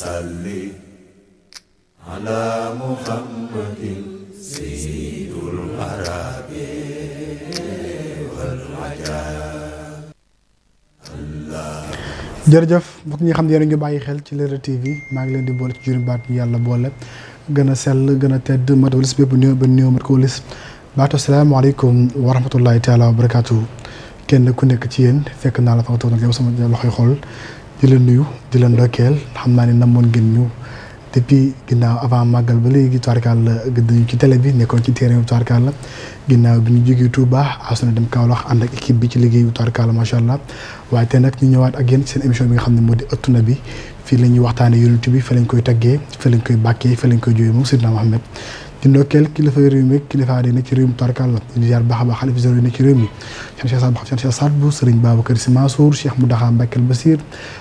salli ala muhammadin sayyidul arabi xam ne yéen a bàyyi xel ci Leral TV maa ngi leen di boole ci juri baat bi yàlla boole gën a sell gën a tedd ma doo lis bépp néew ba néew mat koo lis baatu salaamaaleykum wa rahmatullahi taala wa barakaatu kenn ku nekk ci yéen fekk naa la fa nga toog nag yow sama loxoy xool di la nuyu di la ndokkeel xam naa ne namoon ngeen ñu depuis ginnaaw avant màggal ba léegi tubaarkaal la dañu ci télé bi nekkoon ci terrain bi tubaarkaal la ginnaaw bi ñu jógee Touba asuna dem Kaolack ànd ak équipe bi ci liggéey bi tubaarkaal la macha allah waaye te nag ñu ñëwaat ak yéen seen émission bi nga xam ne moo di ëttu bi fii la ñuy waxtaane yonent bi fa lañ koy taggee fa koy bàkkee fa lañ koy jooyee moom Seydina Mohamed di ndokkeel kilifa réew mi a di nekk ci réew mi tubarkàlla di ziar a baax xalifa nekk ci réew mi Cheikh Cheikh Sadbou Cheikh Cheikh Sadbou Serigne Babacar Sy Mansour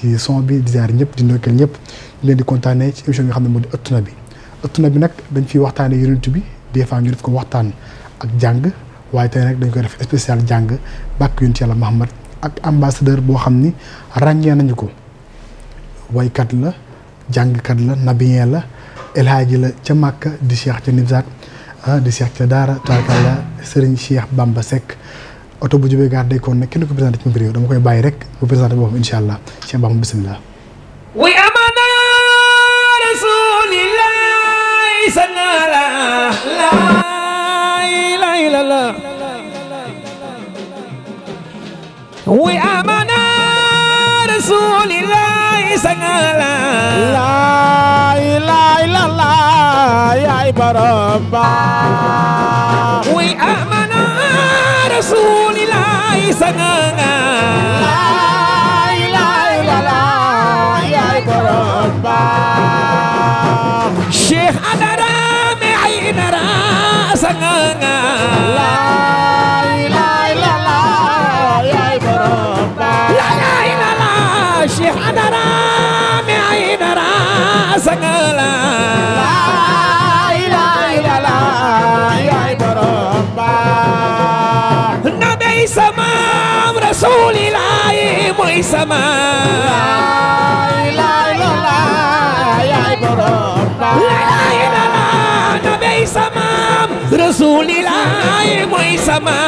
ci son bi di ziar ñëpp di ndokkeel ñëpp ñu leen di kontaanee ci émission bi nga xam ne moo di ëttu na bi ëttu na bi nag dañ fiy waxtaanee yonent bi des fois ñu ko waxtaan ak jàng waaye tey nag dañ koy def spécial jàng bàkk yonent yàlla Mahamad ak ambassadeur boo xam ni ràññee nañu ko waykat la jàngkat la nabiyeen la elhaaji la ca màkk di Cheikh ca Nibsaat ah, di Cheikh ca Daara tabarkalla Serigne Cheikh Bamba Seck oto bu jubee gaar day kon ne kenn ko présenté ci mbir amana rasulillahi sanala la la la yaay borom yaay sa laa ilaaha illallaah yaay borom baax Cheikh Adara me ay Idara laa laa ilaaha illallaah Cheikh mooy sama am rasulilah mooy sama. rasulilah mooy sama.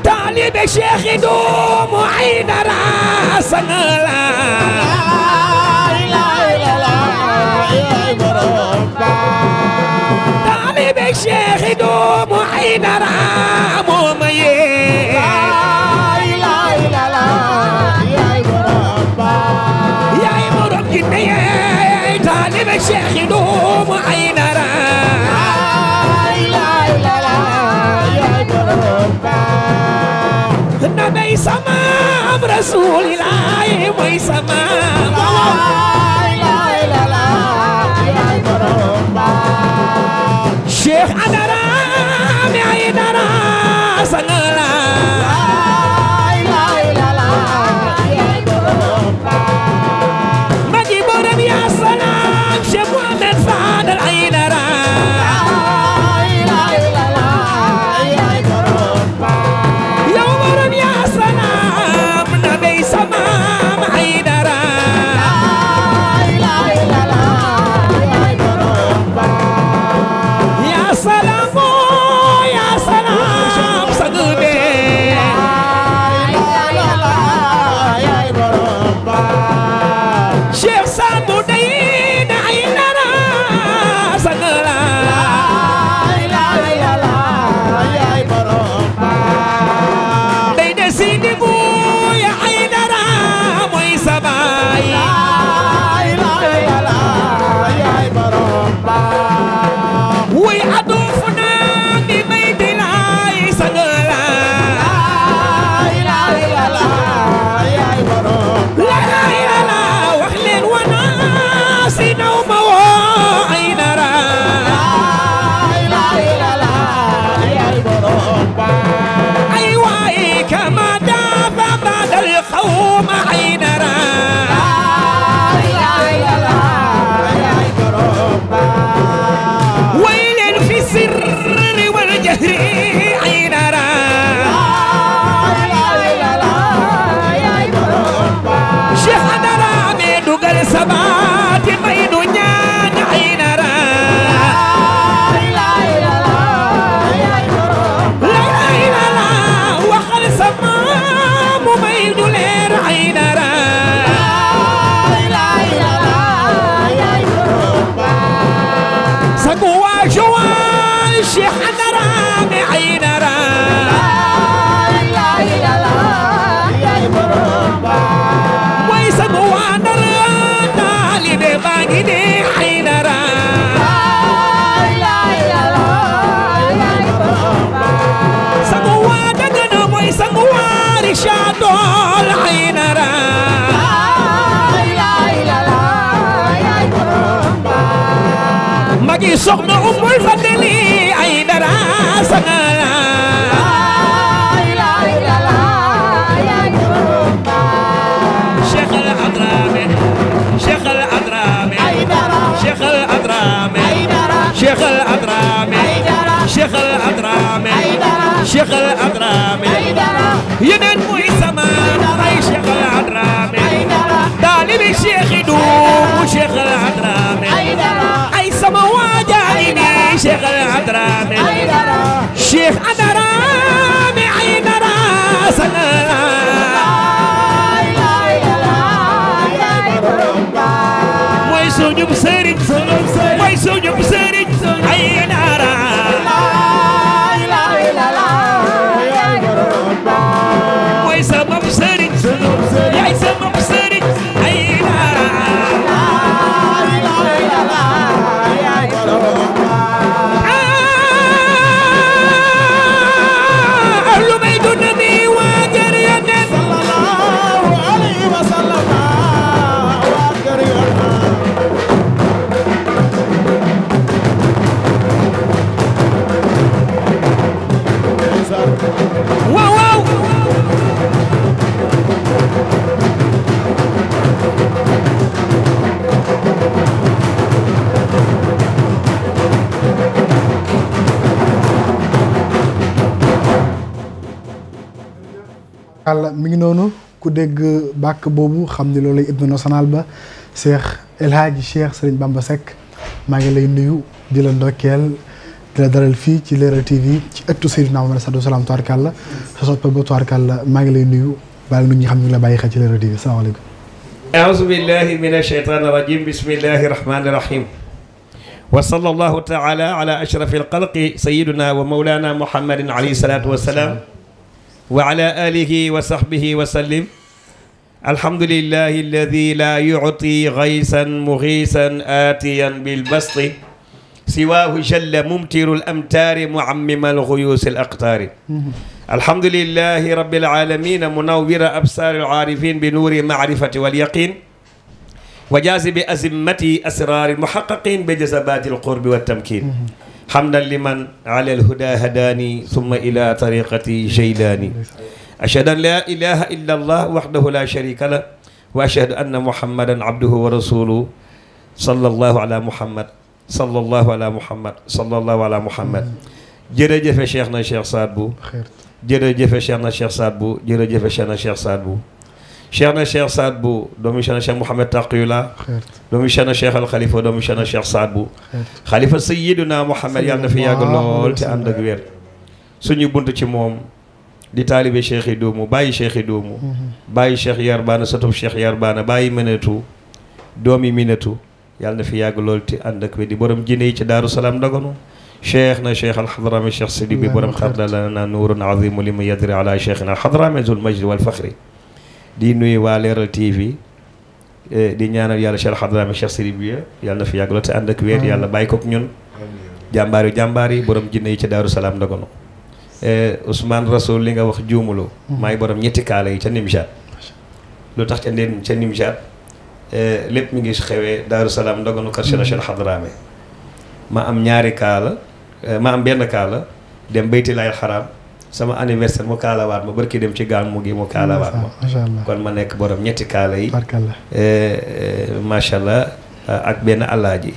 taalibe Cheikh doomu ay dara sangala. taalibe Cheikh doomu Aydara moo ma yee laay laay la la yaay borom ba yaay borom gi ne yaay taalibe Cheikh doomu Aydara laay laay la la yaay borom ba na bay sama am Rasulillah mooy sama Cheikh Adara mi ay dara sangal Cheikh Al Hadrami yeneen muy sama ay Cheikh Al Hadrami taalibi Cheikh du mu Cheikh Al Hadrami ay sama waajaani ni Cheikh Al Hadrami Cheikh Hadrami ay dara sana mooy suñu sëriñ mooy suñu yàlla mi ngi noonu ku dégg bàkk boobu xam ni loolu hymne national ba Cheikh El Hadji Cheikh Serigne Bamba Seck maa ngi lay nuyu di la ndokkeel di la daral fii ci Leral TV ci ëttu Seydina Muhammad sallallahu alayhi wasallam tubaarkàlla sa soppe ba tubaarkàlla maa ngi lay nuyu baal nu ñi xam ñu ngi la bàyyi xel ci Leral TV salaamaaleykum أعوذ بالله من الشيطان الرجيم بسم الله الرحمن الرحيم وصلى الله تعالى على أشرف الخلق سيدنا ومولانا محمد عليه الصلاة والسلام wa ala alihi wa sahbihi wa sallim alhamdulillahi alladi la yuti gaysan muxiisan aatiyan bilbasti siwaahu jalla mumtiru l amtaari muammima alxuyuusi l aqtaari alhamdulillahi rabbil aalamiina munawwira absaari l aarifin bi nuuri maarifati wal yaqin wa jaasi bi azimmati asraari muxaqaqin bi jasabaati l qurbi wa tamkin xamdan liman ala alhuda hadaani summa ila tariqati jeylaani ashhadu an laa ilaha illa allah waxdahu la sharika la wa ashhadu anna muhammadan abduhu wa rasuluhu sallallahu ala muhammad sallallahu ala muhammad sallallahu ala muhammad jërëjëfe cheikh na cheikh saad bu jërëjëfe cheikh na cheikh saad bu jërëjëfe cheikh na cheikh saad bu na Cheikh Saad bu doomu Cheikhna Cheikh Mouhamed Taqiyullah doomu Cheikhna Cheikh Al Khalifa doomu Cheikhna Cheikh Saad Bou Khalifa Sayyiduna Mouhamed yàlla na fi yàgg lool te ànd ak wér suñu bunt ci moom di taalibe cheikh yi doomu bàyyi cheikh yi doomu mm-hmm. bàyyi cheikh yarbaana satub cheikh yarbaana bàyyi mënatu doomi minatu yàlla na fi yàgg lool te ànd ak wér di borom jine yi ci daaru salaam ndaganu cheikh na cheikh alxadrami cheikh sidi bi borom xardalana nuurun azimu li mu yadri ala cheikhina alxadrami di nuyu waa Leral TV eh, di ñaanal yàlla Cheikh Hadrami Cheikh Sidi Biya yàlla na fi yàgg la te ànd ak wér yàlla bàyyi kook ñun jàmbaar yu jàmbaar yi borom jinne yi ca Daaru Salaam Ndogono eh, Ousmane Rasoul li nga wax juumuloo hmm. maay borom ñetti kaala yi ca Nimjaat lu tax ca ndeen ca Nimjaat eh, lépp mi ngi xewee Daaru Salaam Ndogono kër Cheikh Hadrami hmm. ma am ñaari kaala ma am benn kaala dem baytilaay xaraam sama anniversaire mu kaalawaat ma barki dem ci gàmmu gi mu kaalawaat ma kon ma nekk borom ñetti kaala yi eh, eh, macha allah eh, ak benn alaaji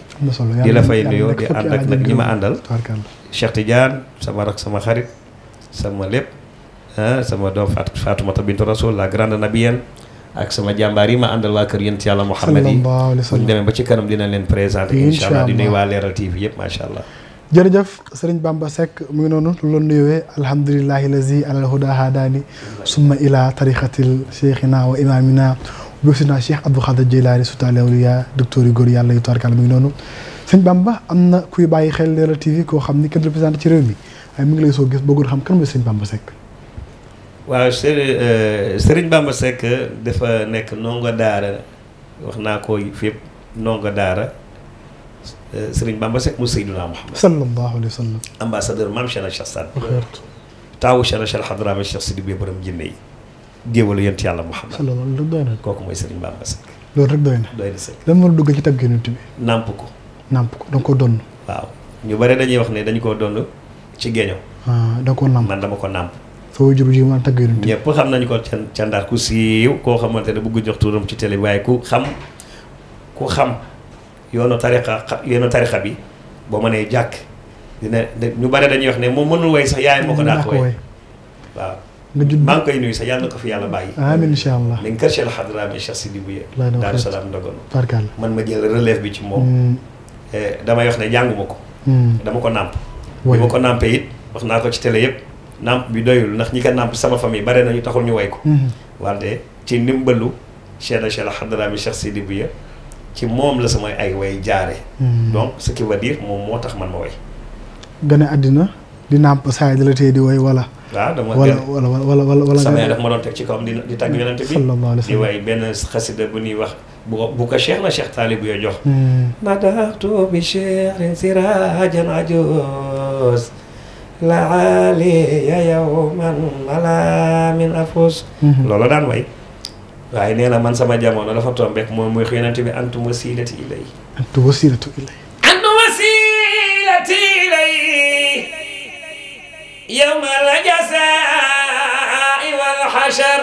di la fay nuyoo di ànd ak nag ñi ma àndal Cheikh Tidiane sama rak sama xarit sama lépp sama doom Fatou Fatoumata bintu Rasoul la grande nabienne ak sama jàmbaar yi ma àndal waa kër yent yàlla Muhammad yi bu ñu demee ba ci kanam dina leen présenter incha allah di nuyu waa Leral TV yëpp macha allah jërëjëf sëriñ Bamba Seck mu ngi noonu loolu nuyowee alhamdulilahi lazi alal huda hadani summa ila tariqatil cheikhina wa imamina bosina cheikh Abdou Khadir Jeylaani sultaanul awliyaa docteur yu góor yàlla yu taarkal mu noonu sëriñ Bamba am na kuy bàyyi xel Leral TV koo xam ni kenn représenté ci réew mi waaye mu ngi lay soo gis bëggoon xam kan mooy sëriñ Bamba Seck waaw sëriñ euh, dafa nekk ndongo daara wax naa ko fépp ndongo daara sëriñ Bamba Seck mu Seydina Muhammad sallallahu alayhi wa sallam ambassadeur maam Cheikh Chassan taawu Cheikh Cheikh Hadrame Cheikh Sidi bi borom jinne yi géewalu yent yàlla Muhammad loolu rek doy na loolu rek doy dugg ci tagg yonent bi nàmp ko nàmp ko da ko donn waaw ñu bari dañuy wax ne dañu koo donn ci géño ah da nga ko nàmp man dama ko nàmp soo jur ji man tagg yonent ñëpp xam nañu ko ca ca Ndar ku siiw koo xamante ne bëgg jox turam ci télé waaye ku xam ku yoonu tariqa yoonu tariqa bi boo mënee jàkk dina ñu bare dañuy wax ne moom mënul woy sax yaay ma ko dàq woy waaw nga judd maa ngi koy nuyu fi yàlla bàyyi amiin incha allah li nga kër Cheikh Hadrami Cheikh Sidi Bouye man ma jël relève bi ci moom mm. eh, damay wax ne jànguma ko mm. dama ko nàmp bi ma ko nàmpe it wax naa ko ci tele yëpp nàmp bi doyul ndax ñi ko nàmp sama famille bare nañu taxul ñu way ko mm-hmm. wante ci ndimbalu Cheikh Cheikh Hadrami Cheikh Sidi Bouye ci moom la samay ay way jaare hmm. donc ce qui moom moo tax man ma way gën àddina di nàmp saay da tey di way wala waaw ah, dama wala wala wala wala sama daf ma doon teg ci kawam di di tàgg yonent bi di way benn xasida bu ñuy wax bu ko bu ko na cheikh taalib bu yoo jox hmm. madaxtu bi cheikhin sirajan ajos la aliya yawman ala min afus hmm. loolu daan way waaye nee na man sama jamono dafa tombeek moom muy yonent bi antum wasilati ilay antum wasilatu ilay antum wasilati ilay wal hashar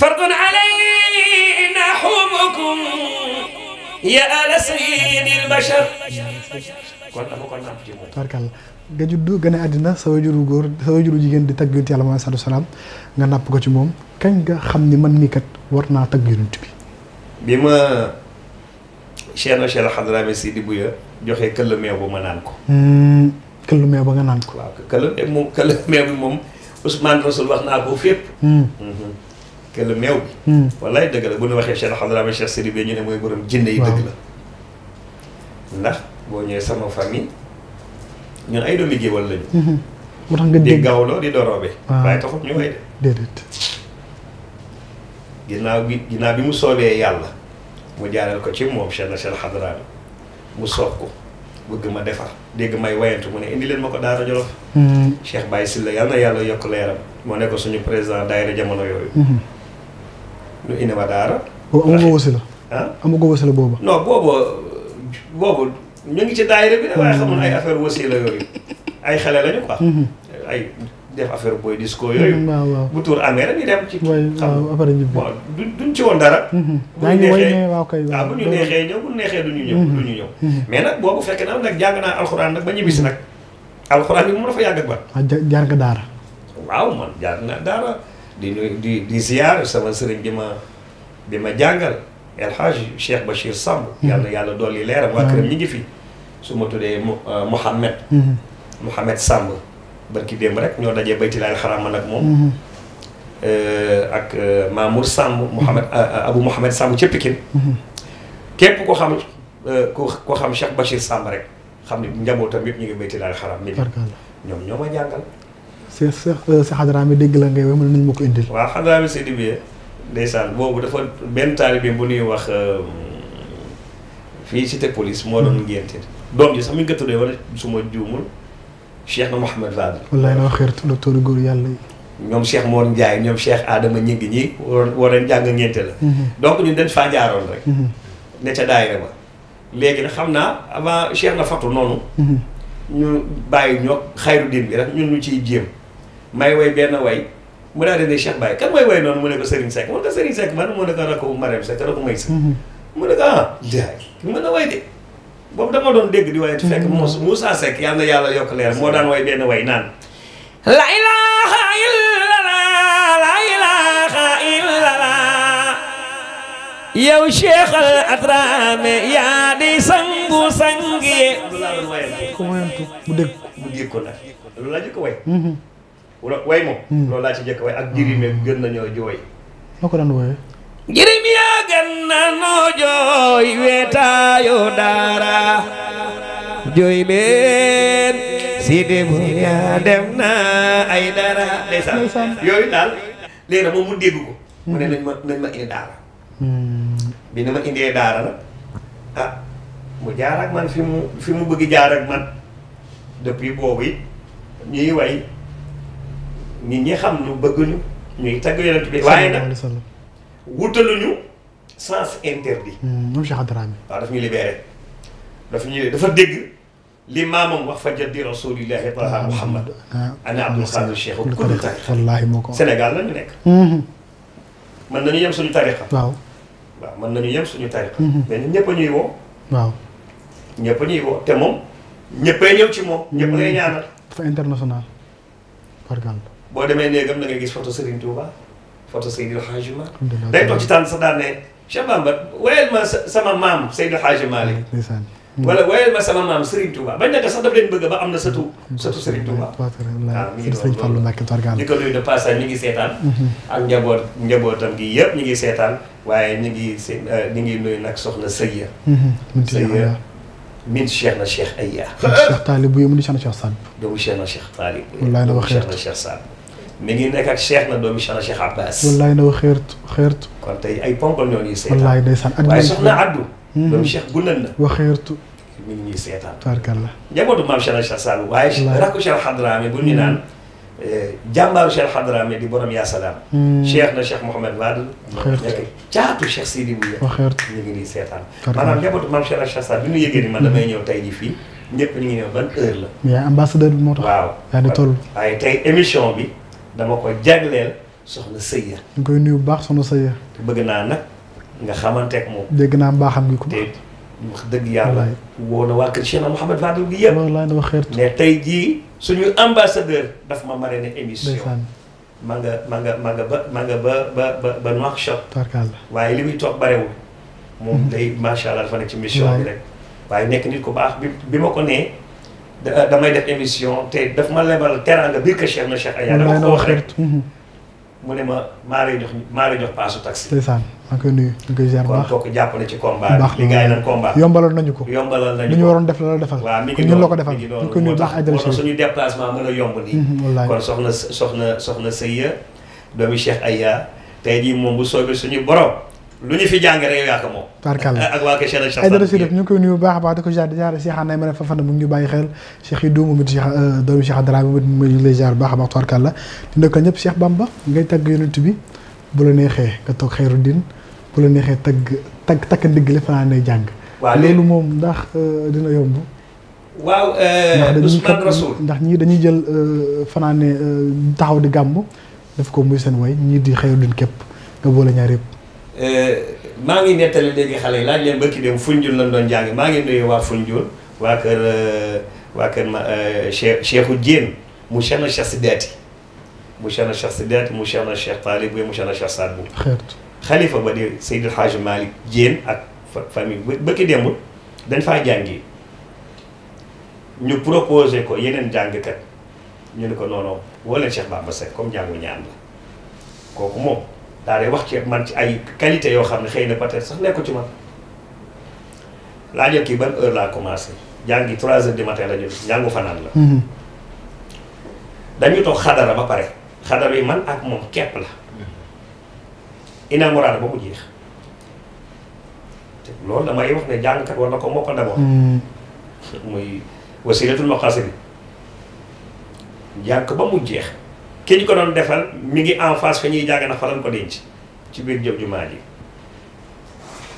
fardun alayna humukum ya ala sayyidil bashar kon dama ko nàmp ci moom tarkalla nga juddu gën a àddina sa wajuru góor sa wajuru jigéen di tagg salaam nga napp ko ci moom kañ nga xam ni man mii kat war naa tag yonent bi bi ma Cheikh Cheikh Hadrami Sidi Bouya joxe këll meew ba ma naan ko hmm, këll meew ba nga naan ko waaw këll meew moom këll bi moom Ousmane Rasul wax naa ko fépp hmm. mhm. këll meew bi hmm. wallaay dëgg la bu ñu waxee Cheikh Hadrami Cheikh Sidi Bouya ñu ne mooy borom jinne yi dëgg la ndax boo ñëwee sama famille ñun ay doomi géwal lañu moo tax nga dégg gawloo di doroobe waaye taxut ñu way de déedéet ginnaaw bi ginnaaw bi mu soobee yàlla mu jaaral ko ci moom Cheikh Nasser Hadrami mu soob ko bëgg ma defar dégg may wayantu mu ne indi leen ma ko Daara Jolof hmm. Cheikh Baye Sylla yal na yàlla yokk leeram moo nekk suñu président daayira jamono yooyu hmm. ñu indi ma daara amagoo wasila ah amagoo wasila booba non booba boobu ñu ngi ci daayira bi ne waaye hmm. xamul ay affaire wasila yooyu ay xale lañu quoi ay def affaire booy disco yooyu. Mm, bu tuur dara. Mm-hmm. daa ngi woy ñëw bu ñu neexee du ñu ñëw. Mm-hmm. Mm-hmm. nag boobu fekkee na nag jàng naa alxuraan nag ba ñibbisi nag alxuraan bi mu dafa yàgg ak ba. ah daara. waaw man jaar naa daara di di di sama sëriñ bi ma bi ma jàngal El Hadj Cheikh Bachir Samb. yàlla dool dolli leeram. waa këram ñi ngi fi su ma tuddee Mouhamed. Mouhamed Samb. barki démb rek ñoo dajee baytilaay xaraam man ak moom. Mhm. Euh, ak euh, Mamour Samb. Mouhamed mhm. euh, Abou Mouhamed Samb ca Pikine. Mhm. képp ko xam ko xam Cheikh Bachir Samb rek xam ne njabootam it ñu ngi baytilaay xaraam mi. ñoom ñoo ma jàngal. c'est sa dégg la ko indil. waa xadra mi si di ndeysaan boobu dafa benn taalibe bu ñuy wax fii cité police moo doon ngénte doom ji sax mi nga tuddee wala su ma juumul. cheikh na Mouhamed Fadel. wallaay na waxeer docteur góor yàlla yi. ñoom cheikh Mor Ndiaye ñoom cheikh Adama ñi ngi ñi war a jàng ñeente la. Mhm. donc ñun dañ faa rek. Mhm. ne ca daayira ba léegi nag xam naa avant cheikh na fatu noonu. Mhm. ñu bàyyi ñoo xayru din bi rek ñun ñu ciy jéem. may way benn way mu daal di ne cheikh Baye kan mooy way noonu mu ne ko Serigne mu ne ko Serigne man mu ne rakku Marème Seck rakku may Seck. mu ne ah mën na way de. boobu dama doon dégg di waaye te fekk Moussa Moussa Seck yal na yàlla yokk leer moo daan way benn way naan la ilaha illallah la ilaha illallah yow Cheikh al yaa di sangu sangi ye ko ko laa jëkk way mhm. way moom mhm. loolu ci jëkk way ak jirim gën nañoo jooy noo daan wooyee jirim ya gën nanu jooy wetaayu dara jooy leen Sidi Boya dem na ay dara ndeysaan yooyu daal léegi moom mu dégg ko mu ne hmm. nañ ma nañ ma indi daara hmm. bi ah mu jaar ak man fi mu fi mu bëgg jaar ak man depuis boobu it ñuy way nit ñi xam nu bëgguñu ñuy tagg yonent bi waaye nag wutaluñu sens interdit. Hmm, moom Cheikh Dramé. waaw daf ñu libéré daf ñu dafa dégg li maamam wax fa jaddi rasulillahi ah, taha Muhammad ah, ana Abdul Xaadir Cheikh kullu tariqa wallaahi moo ko Sénégal la ñu nekk. Hmm. mën nañu yem suñu tariqa. waaw waaw mën nañu yem suñu tariqa. Hmm. mais ñun ñëpp a ñuy woo. waaw ñëpp a ñuy woo te moom ñëppay ñëw ci moom. ñëpp lay ñaanal. dafa international par exemple. boo demee néegam na nga gis photo Serigne Touba photo Seydil Hadji Omar. day toog ci tànn sax daan ne. Cheikh Bamba wayal ma sama maam Seydou Hadji Malick wala wayal ma sama maam Serigne Touba bañ nekk sax daf leen bëgg ba am na sëtu mm. sëtu Serigne Touba waaw mi ngi Serigne Fallou Mbacké Targal di ko nuyu de passage ñi ngi seetaan mm-hmm. ak njaboot njabootam gi yëpp ñi ngi seetaan waaye ñi ngi seen eh, ñi ngi nuyu nag soxna Sëyya mm-hmm. Sëyya min Cheikh na Cheikh Aya Cheikh Talib bu mu di Cheikh na Cheikh Sall doomu Cheikh na Cheikh Talib wallaahi na waxee Cheikh na Cheikh Sall mi ngi nekk ak Cheikh na doomi Cheikh na Cheikh Abbas. wallaay na xeertu xeertu. kon tey ay ponkal ñoo ñuy seetaan. wallaay ndeysaan ak waaye soxna Addu. Mm-hmm. doomi Cheikh Gunnan la. wa xeertu. mi ngi ñuy seetaan. tabarkallah njabootu maam Cheikh na Cheikh Sall waaye. wallaay rakku Cheikh Hadrami bu ñu mm-hmm. naan. Eh, jàmbaaru Cheikh Hadrami di borom yaa salaam. Mm-hmm. Cheikh na Cheikh Mouhamed Wade. xeertu nekk caatu Cheikh Sidi Bouya. wa xeertu ñu ngi ñuy seetaan. maanaam njabootu maam Cheikh na Cheikh Sall bi ñu yëgee ni man damay ñëw tey ji fii ñëpp ñu ngi ñëw ban heure la. mais ambassadeur bi moo tax. waaw yaa ni toll. waaye tey émission bi dama ko jagleel soxna Sëya. ñu koy nuyu bu baax soxna Sëya. bëgg naa nag nga xamanteek moom. dégg naa mbaaxam gi ko. te wax dëgg yàlla. woo na waa kër Cheikh Mouhamed Fadil gi yëpp. wallaay dama xeertu mais tey jii suñu ambassadeur daf ma marraine émission. ma nga ma nga ma nga ba ma nga ba ba ba ba Nouakchott. waaye li muy toog barewul. moom mhm. day macha allah dafa nekk ci mission bi rek. waaye nekk nit ku baax bi ma ko nee. damay def émission te daf ma lebal teraanga biir kër Cheikh na Cheikh Aya dama ko wax rek mm-hmm. mu ne ma maa lay jox maa jox paasu taxi. ndeysaan maa ngi koy nuyu ci combat bi li gars yi naan combat yombalal nañu ko yombalal nañu ko li ñu waroon def la la defal ko defal mi ngi noonu ñu koy nuyu baax ajal si suñu déplacement a yomb nii mm-hmm, wallaay kon soxna soxna soxna Sëya doomi Cheikh Aya tey jii moom bu soobee suñu borom lu ñu fi jàng rek yaa ko moom. barkalla ak waa Kër Cheikh Al Aydara Sirif ñu ngi koy nuyu bu baax a baax di ko jaar di jaar Cheikh Anay ma ne fa fan mu ngi ñu bàyyi xel Cheikh Idou moom it Cheikh euh, doomu Cheikh Dramé moom it mu ngi jaar bu baax a baax tabarkalla di ndokkal ñëpp Cheikh Bamba ngay tagg yonent bi bu neexee nga toog xeeru din bu la neexee tagg takk ndigg li fanaan nay jàng. waaw moom ndax euh, dina yomb. Euh, ndax ñii dañuy jël fanaan ne taxaw di gàmb def ko muy seen woy ñii di xeeru din képp nga boole ñaar yëpp Euh, maa ngi nettali léegi xale yi laaj leen bëkki dem Foundiougne lañ doon jàng maa ngi nuyu waa Foundiougne waa kër euh, waa kër ma euh, Cheikh Cheikhou Diène mu Cheikh na Cheikh Sidaati mu Cheikh na Cheikh Sidaati mu Cheikh na Cheikh Talib mu Cheikh xalifa ba di Seydil Hadj Malick Diène ak famille bëkki démb dañ faa jàngi ñu proposé ko yeneen jàngkat ñu ne ko non non woo leen Cheikh Bamba Seck comme jàngu ñaan la kooku moom daal di wax ci man ci ay qualité yoo xam ne xëy na peut-être sax nekku ci man laajal kii ban heure laa commencé jàngi trois heures du matin la ñu njàngu fanaan la mhm. dañu toog xadara ba pare xadara yi man ak moom képp la mhm. inamoraana ba mu jeex te loolu damay wax ne jàngkat war na ko mokkal d'abord mhm. muy wasilatul maqasid bi jàng ko ba mu jeex ki ñu ko doon defal mi ngi en face ñuy jàgg na falam ko denc ci biir jëm jumaa ji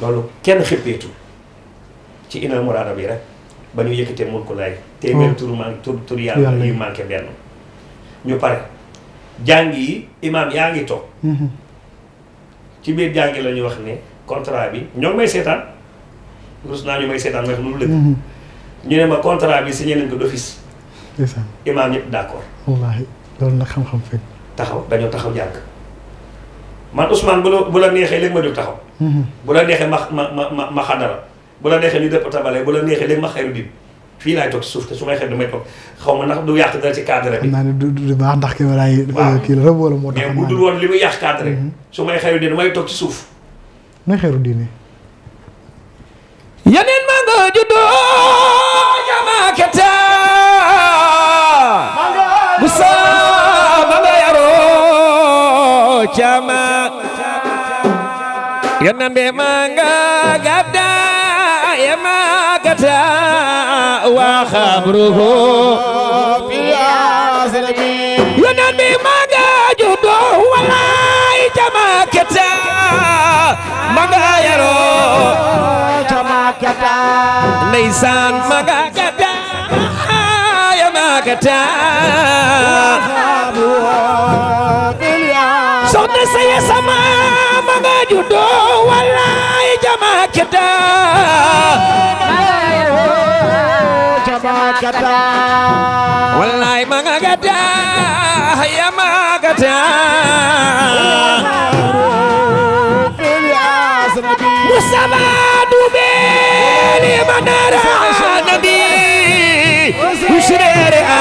loolu kenn xippeetu ci inal muraada bi rek ba ñu yëkkatee mun ko lay mm. téeméer tur man tur tur yàlla yu manqué benn ñu pare jàng yi imaam yaa ngi toog mm-hmm. ci biir jàng la ñuy wax ne contrat bi ñoo ngi may seetaan rus naa ñu may seetaan wax lu lëkk mm-hmm. ñu ne ma contrat bi signé nañ ko d'office imaam d'accord loolu nag xam-xam fekk. taxaw dañoo taxaw jàng man Ousmane bu la bu la neexee léegi ma du taxaw. Mhm. bu la neexee ma ma ma ma xadara bu la neexee ñu dëpp tabale bu la neexee léegi ma xayru dim fii laay toog suuf te su may xel damay toog xaw ma ndax du yàq dara ci cadre bi. xam naa ne du du baax ndax caméra yi. waaw kii la rëbb wala moo tax. mais bu dul woon li ma yàq cadre bi. Mhm. su may xayru diine may toog ci suuf. may xayru diine. yeneen maa nga juddoo. cama yonande manga gabda ya magata wa khabruhu fil azlami yonande manga judo walai cama keta manga yaro cama keta ndeysaan manga gabda ya magata wa khabruhu soxna saye sama ma nga juddoo wallaay jamaa kita jamaa kita wallaay ma nga gata yamaa gata musaba dube li manara nabi usrere a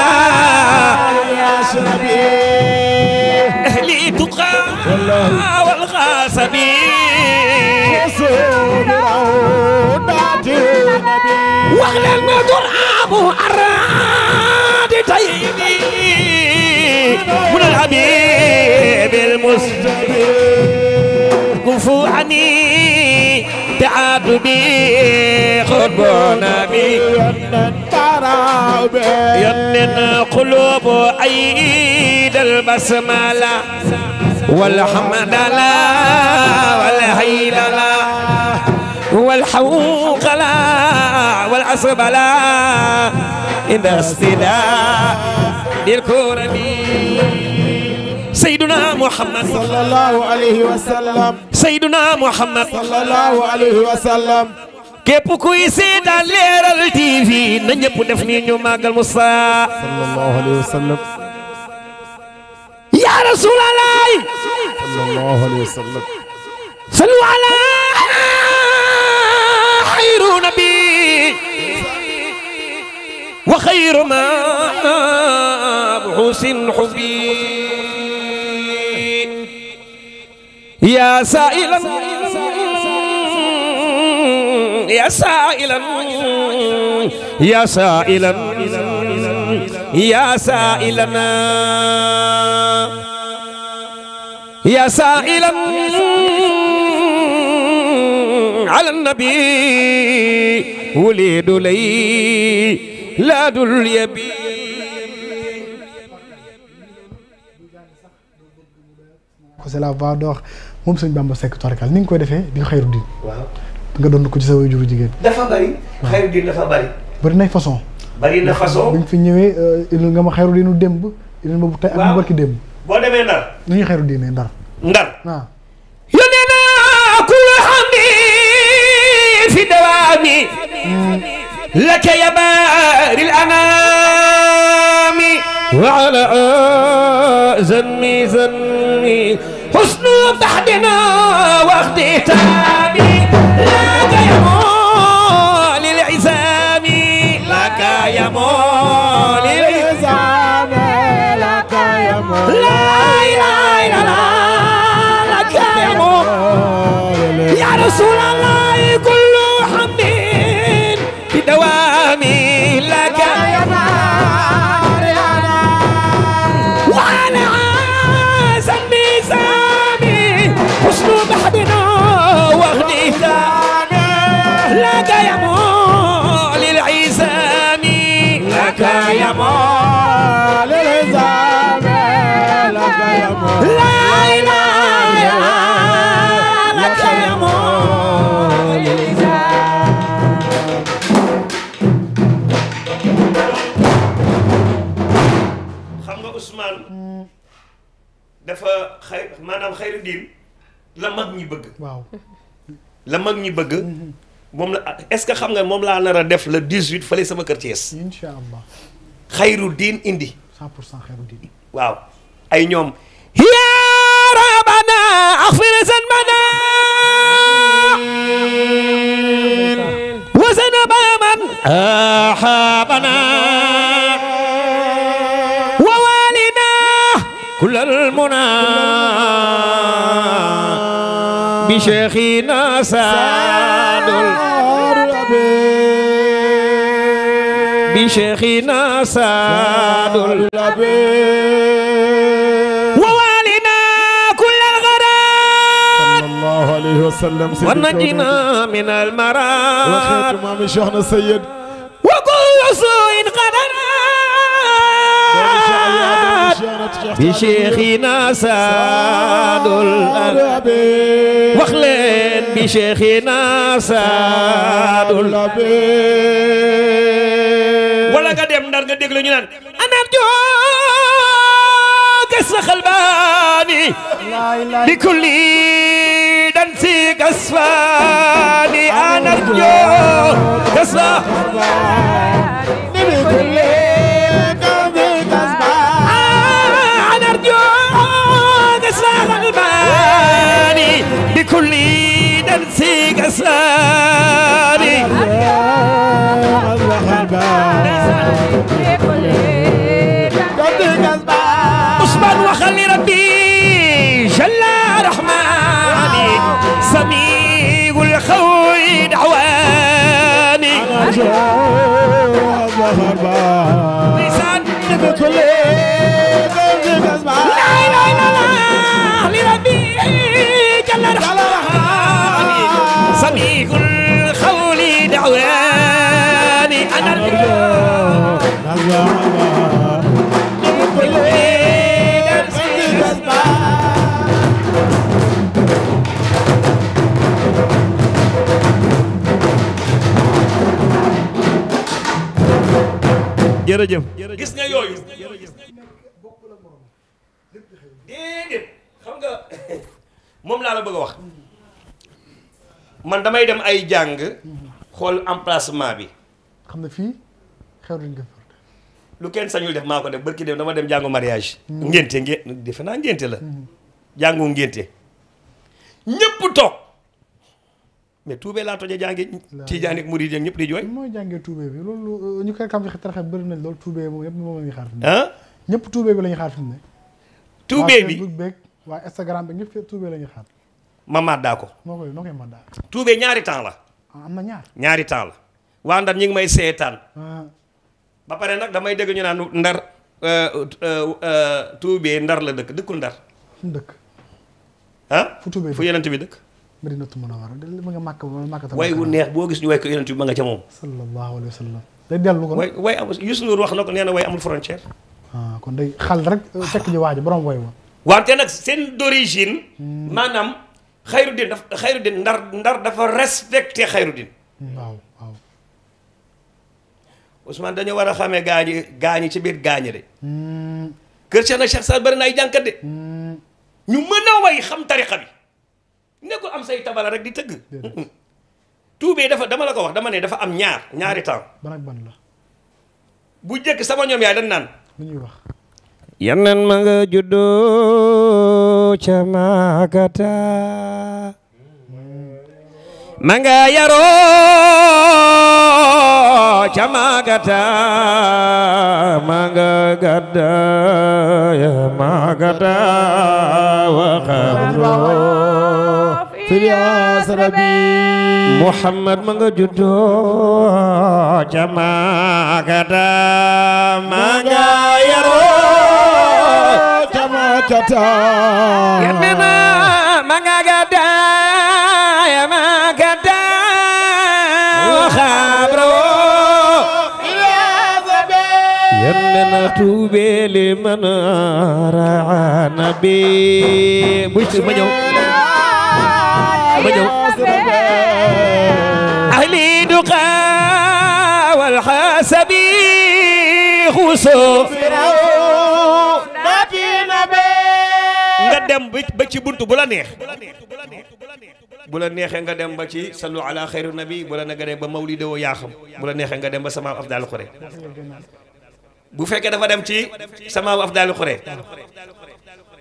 والخاسبي واغلى المدر ابو اراد تيمي من الحبيب المصطفى كفو عني تعاد بي خطبنا بي ينن قلوب عيد البسمله والحمد لا والهيل لا والحوق لا والعصب لا إذا استداء للكرم سيدنا محمد صلى الله عليه وسلم سيدنا محمد صلى الله عليه وسلم képp kuy seetaan Leral TV na ñëpp def nii ñu màggal Moussa sallallahu alayhi wa sallam يا رسول الله صلى الله عليه وسلم صلوا على خير نبي وخير ما بعوس حبي يا سائلا يا سائلا يا سائلا يا سائلنا يا سائلا على النبي وليد لي لا دل يبي la ba doox moom sëñ Bamba Seck torkal ni nga koy defee di xayru din nga doon ko ci sa waajuru jigéen dafa bari xayru dafa bari bari nay façon bari na façon bi mu fi ñëwee euh, indil nga ma xayru diinu démb. indil ma bu tey ak mu barki démb. boo demee ndar. li ñuy xayru diine ndar. ndar waaw. Ah. yónnee naa ku la xam ni fi dawaami. laka ya baaril anaami. wa ala zanni zanni xusnu taxdina waxdi taami laka ya bëgg. la mag ñi bëgg. moom la est-ce que xam nga moom la nar a def le 18 fële sama kër Thiès. incha allah xayru diin indi. 100 pour waaw ay ñoom. yaa rabana axfir zanbana wa zanaba man axaabana bi Cheikhina Saadul bi Cheikhina Saadul عليه وسلم ونجنا من المرار وخير امام شيخنا السيد وقوة سوء قدرنا بشيخنا ساد الأرب واخلين بشيخنا ساد الأرب ولا قد يمدر قد يقولون أنا أرجوك اسخ الباني بكل دنسي قصفاني أنا أرجوك اسخ الباني jërëjëf gis nga yooyu déedéet xam nga moom laa la bëgg a wax man damay dem ay jàng xool emplacement bi xam na fii xew nañ ko lu kenn sañul def maa ko def bërki dem dama dem jàngu mariage mm-hmm. ngénte ngénte defe naa ngénte la mm-hmm. jàngu ngénte ñëpp toog mais tuubee laa toje jàngi tiijaan ak murid ñëpp di jooy mooy jàngee tuubee bi loolu euh, ñu koy kam ci taraxe bëri na loolu tuubee moom ñëpp moom la ñëpp tuubee bi la ñuy xaar fi ne tuubee bi beeg waa Instagram ñëpp tuubee la ñuy xaar ma màddaa ko noo koy noo koy màddaa tuubee ñaari temps la ah, am na ñaar ñaari temps la waa ndar ñi ngi may seetaan ah. ba pare nag damay dégg ñu naan ndar euh, euh, tuubee ndar la dëkk dëkkul ndar dëkk ah fu tuubee fu yenent bi dëkk madinatu munawwara de ma nga màkk ba màkk tam way boo gis ñu way ko yonent bi ma nga ca wa sallam day dellu ko na ko nee na way amul frontière ah, kon day xal rek ah. fekk ji waaji borom way wa wante nag seen d'origine hmm. maanaam xayrudin daf xayrudin ndar ndar dafa respecté xayrudin hmm, waaw waaw Ousmane dañu war a xamee gaañi gaañi ci biir gaañi de hmm. kër Cheikh na Cheikh Sall bari na ay jànkat de ñu mën a way xam tariqa bi nekkul am say tabala rek di tëgg. tuubee dafa dama la ko wax dama ne dafa am ñaar ñaari temps. ban ak ban la. bu njëkk sama ñoom yaay dañ naan. lu ñuy wax. yeneen ma nga juddoo ca Maakata. Mm. ma nga yaroo ca Maakata ma nga gàddaa ya Maakata wa xam filias rabi muhammad ma nga juddoo ca Maakata ma nga yaroo ca Maakata yambe ma ma nga gada ya Maakata xabroo filias rabi yambe na tuubee li man raa nabi bu ci ma ñëw ma ñëw dem ba ci buntu bu la neex la neexee nga dem ba ci sallu ala xayru nabi bu la nga ba mawlidoo yaa xam la neexee nga dem ba sama afdal xure bu fekkee dafa dem ci sama afdal xure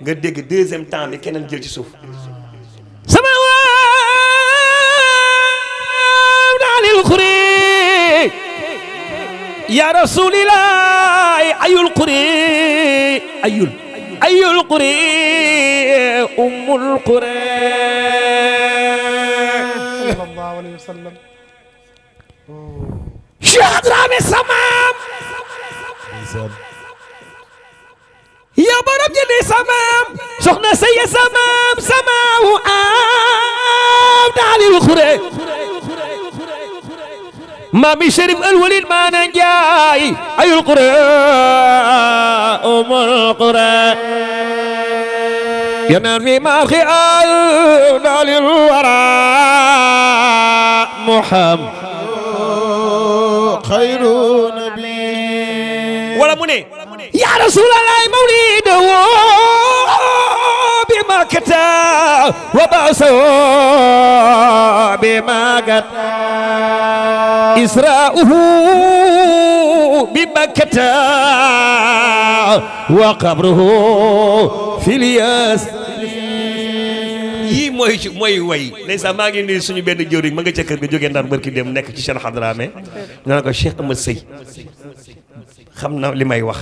nga dégg deuxième temps bi keneen jël ci suuf يا رسول الله أي القري أي أي القري أم القري صلى الله عليه وسلم شهد رامي سمام يا برب جلي سمام سخنا سي سمام سماو آم دالي القري maami Cherif alwalid maana njaay ayul quraan umul quraan yanaan fi maaxi al dalil waraa muhammad xayru nabi wala mu ne yaa rasuulallahi mawlidahu كتا وبعثه بما قتا إسراؤه بمكة وقبره في الياس yii mooy mooy way ndeysaan maa ngi nuyu suñu benn jëwriñ ma nga ca kër ga jógee ndar barki dem nekk ci Cheikh Hadrame naan ko Cheikh Ahmed Sey xam na li may wax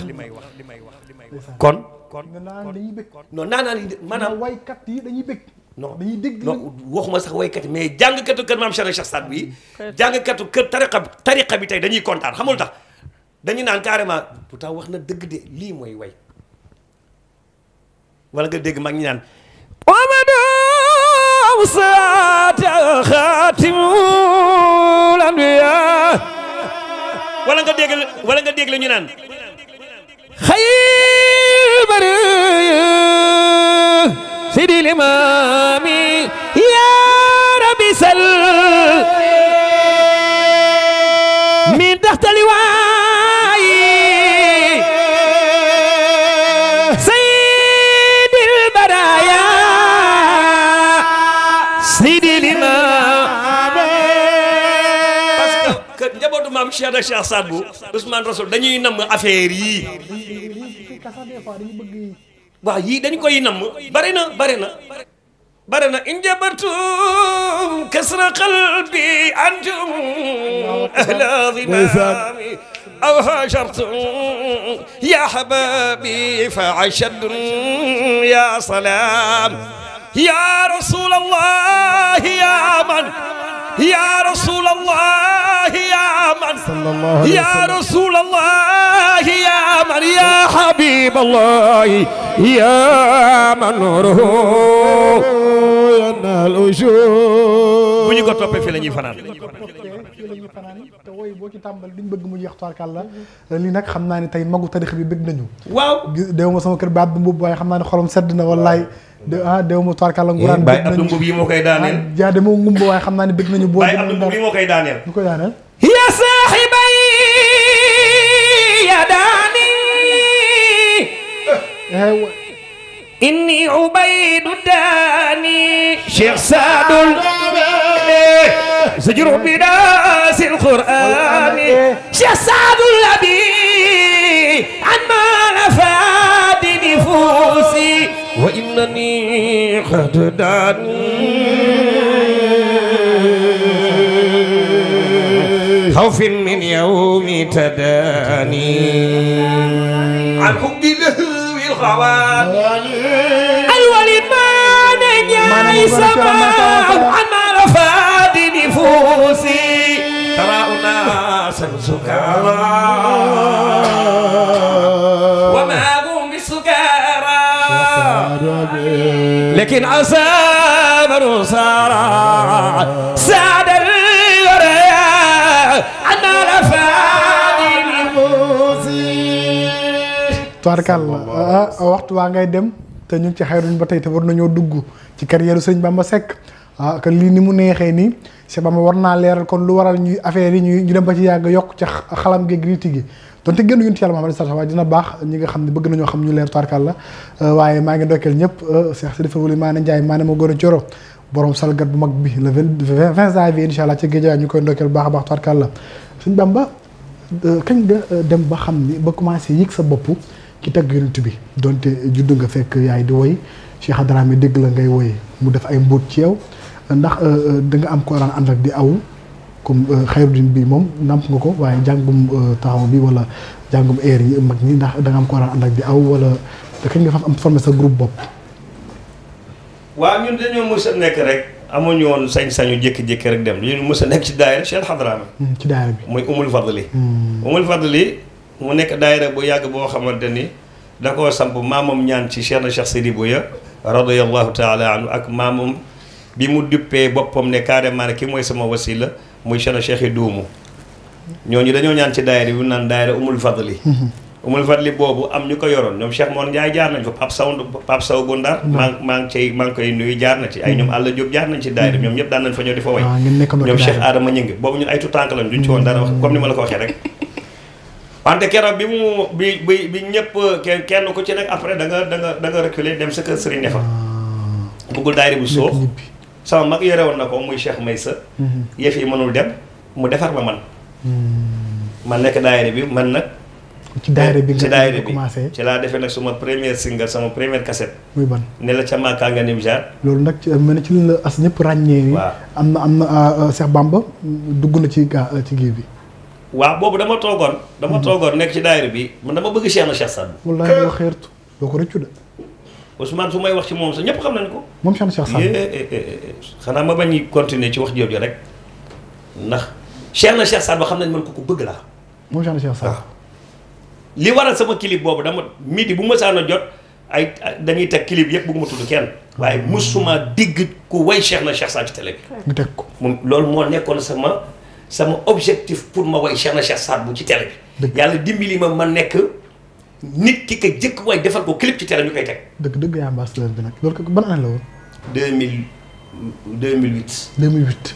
kon kon ñu naan dañuy bëgg. non naan naan maanaam waykat yi dañuy bëgg. non dañuy dégg non waxuma sax waykat yi mais jàngkatu kër maam Cheikh Cheikh Saad bi. jàngkatu kër tariqa tariqa bi tey dañuy kontaan xamul tax dañu naan bu ta wax na dëgg de lii mooy way wala nga dégg mag ñi naan amadou saat xaatimul anbiya wala nga dégg wala la ñu naan خير سيدي الإمام njabootu maam Cheikh ak Cheikh Saad bu Ousmane Rasoul dañuy namm affaire yii waaw yii dañ koy namm bari na bari na bari na injabatum kasra qalbi antum ahla dhimami aw hajartum ya hababi fa ashadun ya salam ya rasul allah ya man يا رسول الله يا من يا رسول الله يا من يا حبيب الله يا من نوره ينال وجوه bu ñu ko toppee fii la ñuy fanaan te wooy boo ci tàmbal duñ bëgg mu jeex toarkal la lii nag xam naa ne tey magu tarix bi bëgg nañu waaw dew ma sama kër baat bu mbubb waaye xam naa ne xolam sedd na wallaay ah déw ma tarkala nguraan eh, bàyyi Abdou Mboub yi moo koy daaneel ah, jaa de moo ngumba waaye xam naa ne bëgg nañu boo bàyyi Abdou Mboub yi moo koy daaneel ñu koy daaneel ya saaxibay ya daani eh, inni ubaydu daani Cheikh Sadul سجر بداس القرآن شيخ سعد الذي عن ما نفاد نفوسي وإنني قد داني خوف من يوم تداني عن حب له الخواني الولي ما نجاي سبا أنا رفاد نفوسي ترى أناسا سكارى لكن أصابر سارا سعد الوريا عنا الأفاني الموسي تبارك الله وقت وانا دم te ñu ngi ci xayruñ ba tey te war nañoo dugg ci carrière sëñ Bamba Seck ah que lii ni mu neexee nii sëñ Bamba war naa leeral kon lu waral ñuy affaire yi ñuy ñu dem ba ci yàgg yokk ca xalam gi critique gi donte génn yuntu yàlla Muhammad sallallahu alayhi wasallam dina baax ñi nga xam ne bëgg nañoo xam ñu leer tarkal la euh, waaye maa ngi ndokkeel ñëpp euh, Cheikh Sidi Fawli Maane Ndiaye Maane ma góor a coro borom salgat bu mag bi le vingt janvier incha allah ci géej ñu koy ndokkeel bu baax a baax tarkal la suñ euh, kañ nga dem ba xam ni ba commencé yëg sa bopp ki tagg yonent bi donte judd nga fekk yaay di woy Cheikh Adramé dégg la ngay woy mu def ay mbóot ci yow ndax da am ko daan ànd ak di aw comme xayrudin euh, bi moom nàmp nga ko waaye jàngum euh, taxaw bi wala jàngum air yi mag ñi ndax da am ko war a ànd ak di aw wala da kañ nga sa groupe bopp. waaw nekk rek amuñu woon sañ-sañu jékki-jékki rek dem dañu mës nekk ci daayira Cheikh Hadrami hmm, ci daayira bi hmm. mu nekk daayira bu yàgg boo xamante ni da koo samp ñaan ci Cheikh na Cheikh Sidi ak maamam bi mu duppee boppam ne carrément ki mooy sama wasila. muy chano cheikh yi duumu ñooñu dañoo ñaan ci daayira bi naan daayira umul fadli mhm. umul fadli boobu am ñu ko yoroon ñoom Cheikh Mor Ndiaye jaar nañ fa Pape Sow Pape Sow bu Ndar mhm. maa maa ngi cay maa ngi koy nuyu jaar na ci ay ñoom àll mhm. Diop jaar nañ ci daayira ñoom ñëpp daan nañ fa ñoo di fa way ah, ñoom Cheikh Adama Ñing boobu ñun ay tutànk lañ duñ ci woon dara wax comme ni ma la ko waxee rek wante keroog bi mu bi bi bi ñëpp kenn kenn ku ci nekk après da nga da nga da nga dem sa kër sëriñ ne fa ah. buggul daayira sama mag yore woon na ko muy Cheikh sa mhm. yëf yi mënul dem mu defar ma man hmm. ma nekk daayira bi man nag ci daayira bi ci daayira bi ci laa defee nag suma première single sama première cassette. muy ban ne la ca Maka nga nim jaar. loolu nag ci mel ci la as ñëpp ràññee ni. am na am na ah, ah, Cheikh Bamba dugg na ci gaa ci géej bi. waaw boobu dama toogoon. dama mhm. toogoon nekk ci daayira bi man dama bëgg Cheikh na Cheikh Sadbou. wallaahi loo xeertu doo ko rëccu de. Ousmane su may wax ci moom sax ñëpp xam nañ ko. moom Cham Cheikh Sall eh, eh, eh, xanaa ma bañ a continuer ci wax jooju rek ndax Cheikh na Cheikh Sall ba xam nañ man ko ko bëgg laa. moom Cham Cheikh Sall li waral sama clip boobu dama midi bu ma saan jot ay dañuy teg clip yëpp bëgguma tudd kenn waaye musuma digg ku way Cheikh na Cheikh Sall ci télé bi. nga teg ko moom loolu moo nekkoon sama sama objectif pour ma way Cheikh na bu ci télé bi. yàlla dimbali ma ma nekk. nit ki ka jëkk waaye defal ko clip ci télé ñu koy teg. dëgg dëgg yaa ambassadeur bi nag loolu ko ban année la woon. deux mille deux mille huit.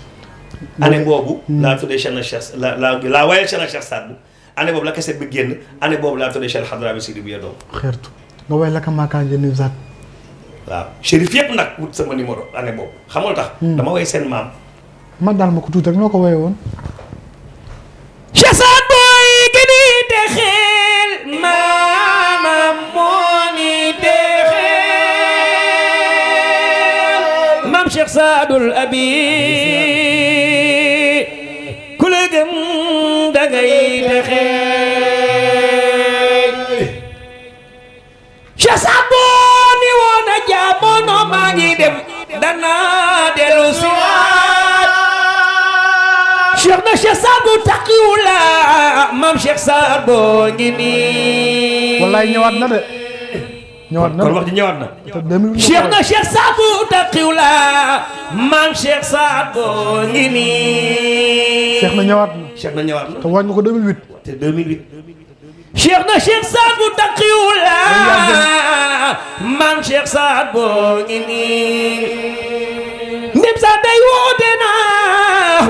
deux boobu. laa tuddee Cheikh na la la la wayal Cheikh na Cheikh bu bi génn année boobu laa tuddee Cheikh Hadra bi Sidi bu Yadoo. xeertu nga way la ka maakaan jënd zaat. waaw chérif yëpp nag wut sama numéro année boobu xam nga tax. Hmm. dama way seen maam. man daal ma ko tuuti rek noo ko wayee woon. Cheikh saadul abi ku la gëm maa ngi dem danaa dellu si Cheikh bu taqiwula maam Cheikh Saad boo ngi nii wallaay ñëwaat na kon wax ji ñëwaat na. Cheikh na Cheikh Sakho taqiw la maam Cheikh Sakho ngi nii. Cheikh na ñëwaat na. Cheikh na ñëwaat na. te wàññi ko 2008. te 2008. Cheikh na Cheikh Sakho taqiw la maam Cheikh Sakho ngi nii. ndem sa day woote na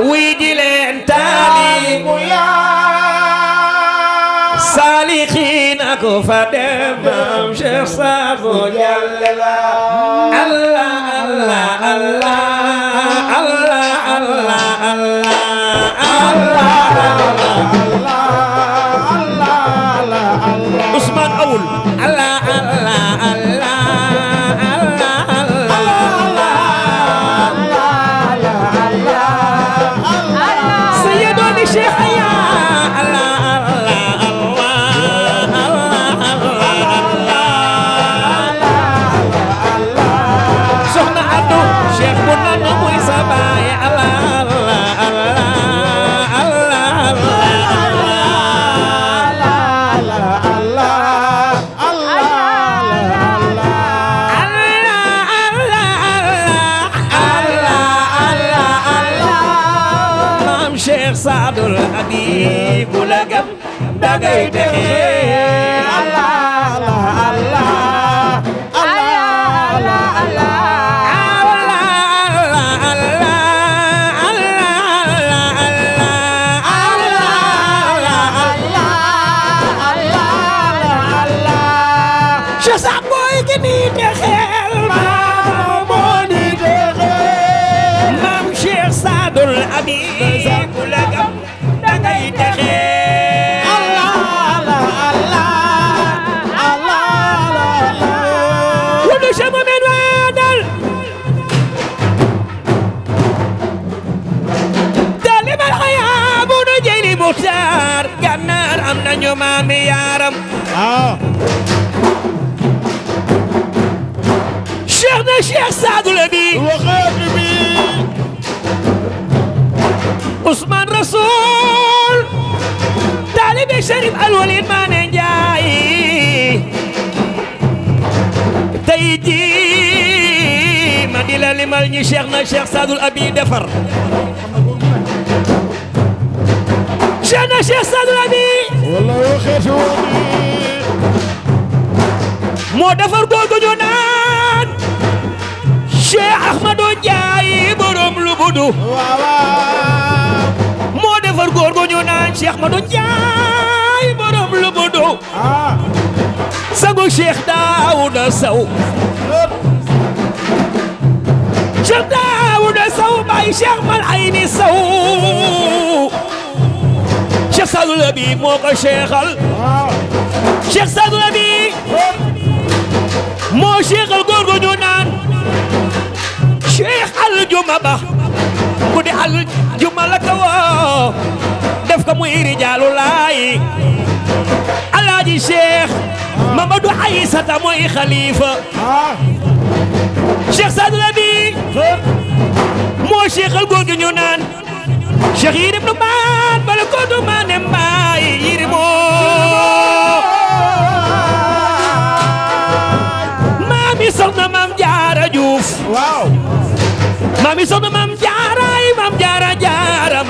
wuy ji leen fa dem maam Cheikh Sadbou Diagne la day day Cherif Alwalid Mané Njaay tey ma di la limal ñi Cheikh na Cheikh Sadul Abi defar Cheikh na Cheikh Sadul Abi walla yoo xeeti woon moo defar googu ñu naan Cheikh Ahmadou Njaay borom lu budu waaw waaw góor gu ñu naan Cheikh Madou Ndiaye borom lu mu dow ah. sangu Cheikh Daawuda Sow Cheikh bay Cheikh Mal Ayni Sow Cheikh Sadou Labi moo ko cheikhal ah. Cheikh Sadou Labi moo cheikhal góor gu ñu naan Cheikh Aljuma Ba ku di Aljuma def ko muy rijaalu laay alaaji cheikh mamadou aysata mooy xalifa cheikh Saadu Lamin moo cheikhal góor gi ñu naan cheikh yirim nu maan bala ko du maa ne mbaay yirimoo maami soxna maam jaara juuf waaw maami soxna maam jaaraay maam jaara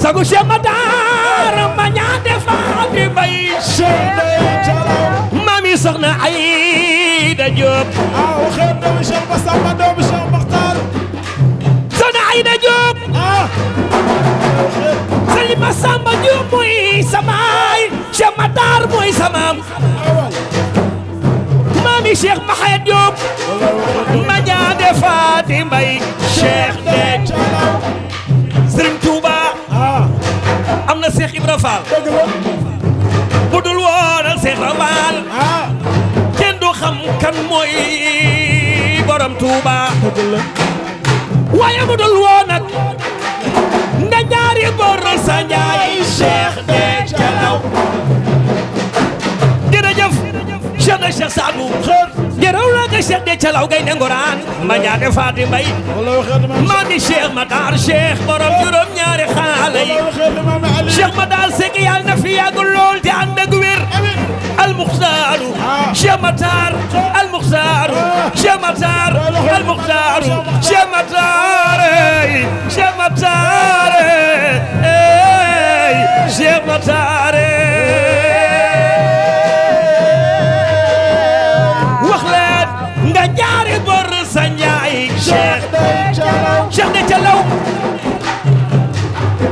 sagu Cheikh Matar ma ñaate faati bay mami soxna Ayda Diop aw xeet doomu Cheikh Massamba doomu Cheikh Makhtar soxna Ayda Diop ah. sali Massamba Diop mooy samaay Cheikh Matar mooy samaam mami Cheikh Mahaya Diop ma ñaate faati bay Cheikh de Serigne Touba am na Cheikh Ibra Fall bu dul woon ak Cheikh du xam kan mooy borom Touba waaye bu dul woon ak nda ñaari boro sa njaay Cheikh de Jalaw jërëjëf Cheikh de Cheikh Sadou raw la nga Cheikh de calaw gay ne ngoraan ma ñaate faati mbay maa mi Cheikh Matar Cheikh borom juróom ñaari xaale yi Cheikh Matar Seck yàlla na fi yàgg lool te ànd ak wér almuxtaaru ah. Cheikh Matar almuxtaaru ah. Cheikh Matar almuxtaaru Cheikh Matar Cheikh Matar eh. Cheikh Matar eh. Eh. Cheikh Déthié Law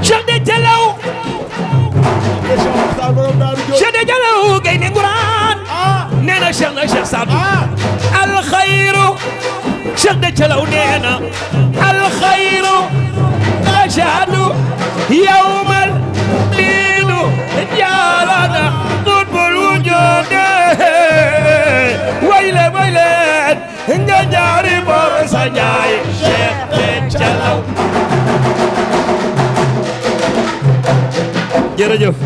Cheikh Déthié Law Cheikh Déthié Law gay ne nguraan nee na Cheikh na Cheikh Saadu alxayru Cheikh Déthié Law nee na alxayru ashadu yawmal diinu jaalana qutbul wujuud wayle wayle nga jaari bor sa jaay jërëjëf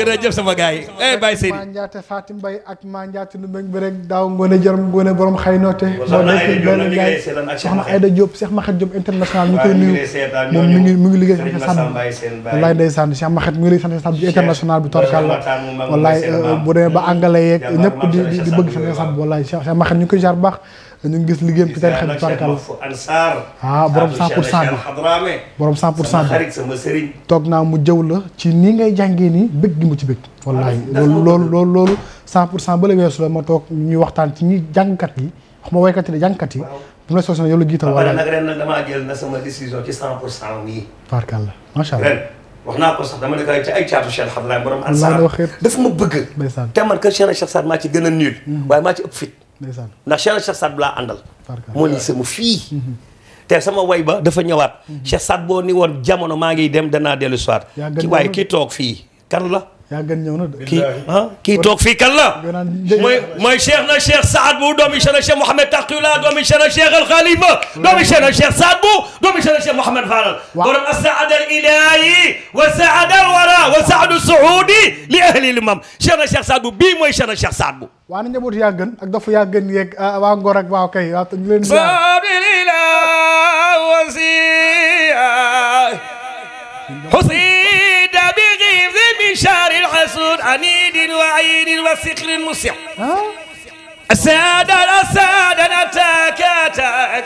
jërëjëf sama gars yi eh Baye Seydi maa njaate Fatim Mbaye ak maa njaate nu mbég bi rek daaw ngoone jërëm ngoone borom xëy noote moo nekk benn gaay soxna Aïda Diop Cheikh Maxet Diop moom mi ngi mi ngi liggéey sax sàmm wallaay ndeysaan Cheikh Maxet mu ngi liggéey sax sàmm bi international bi torkal wallaay bu demee ba anglais yeeg ñëpp di di bëgg sax sàmm wallaay Cheikh Maxet ñu koy jaar bu baax ñu ngi gis liggéeyam ci tarixa bi barkal ah borom 100 pour cent bi borom 100 toog naa mu jëw la ci nii ngay jàngee nii bëgg gi mu ci bëgg wallaahi ah, loolu loolu loolu loolu 100 pour cent ba la ma toog ñuy waxtaan ci ñi jàngkat yi wax ma waykat yi la jàngkat yi bu ma soxla yow la jiital wala nag ren nag damaa jël na sama décision ci 100 bëgg te man kër Cheikh Cheikh Sarr maa ci gën a nul mhm. waaye maa ci ëpp fit ndax Cheikh Cheikh Saad bu laa àndal moo ni sama fii mhm. te sama way ba dafa ñëwaat mhm. Cheikh Saad boo ni woon jamono maa ngi dem danaa dellu soir ki waaye ki toog fii kan la yaa gën ñëw na de. kii ah kii toog fii kan la. mooy mooy Cheikh na Cheikh Saad bu doomi Cheikh na Cheikh Mouhamed Taqiyullah doomi Cheikh na Cheikh na Cheikh Saad bu doomi Cheikh na Cheikh Mouhamed Faral. waaw borom asaada wa saada al wa Saad bu bii Saad bu. waa na njaboot yaa gën ak dafa yaa gën yeeg ah, waa Ngor ak waa kay waa حنيد وعيد وفقر مسع أساد الأساد أتاك أتاك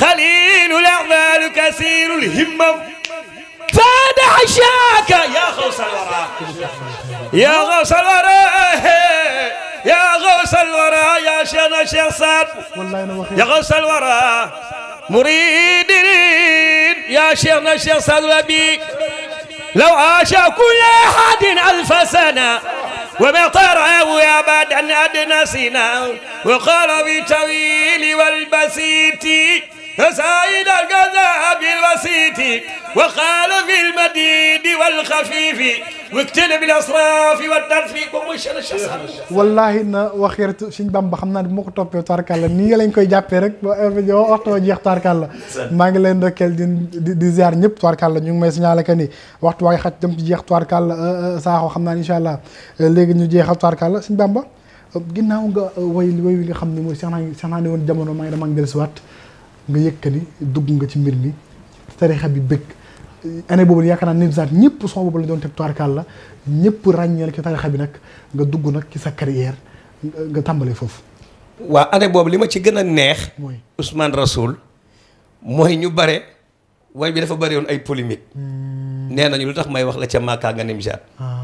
خليل الأعمال كثير الهمم فاد عشاك يا غوث الورى يا غوث الورى يا غوث الورى يا شيخ شيخ صاد يا غوث الورى مريد يا شيخنا شيخ صاد وبيك لو عاش كل أحد ألف سنة ومطره أبدا أدنسنا وقال بالتويل والبسيط فسائل الجذاب الوسيط وقال في الخفيف واكتنب الاسراف والطرف ومشر الشصر والله ان وخيرت سيغ بامبا خمنا bu ma ko toppee la nii lañ koy jàppee rek ba waxtu wa jeex tarkalla maa ngi leen ndokkeel di di ziar ñëpp tarkalla ñu ngi may signalé que ni waxtu waay xaj jëm ci jeex tarkalla saaxoo xam naa incha allah léegi ñu jeexal tarkalla sëñ Bamba ginnaaw nga way way wi nga xam ne mooy sax naa sax naa ne woon jamono maa ngi dama ngi dellusiwaat nga yëkkani dugg nga ci mbir mi tarixa bi bëgg année boobu yaakaar naa Nimzaat ñëpp son boobu la doon teg toirkal la ñëpp ràññeel ci tarixa bi nag nga dugg nag ki sa carrière nga tàmbalee foofu waaw année boobu li ma ci gën a neex Ousmane Rasoul mooy ñu bare way bi dafa bari woon ay polémique hmm. nee nañu lu tax may wax la ca Makka nga Nimzaat ah.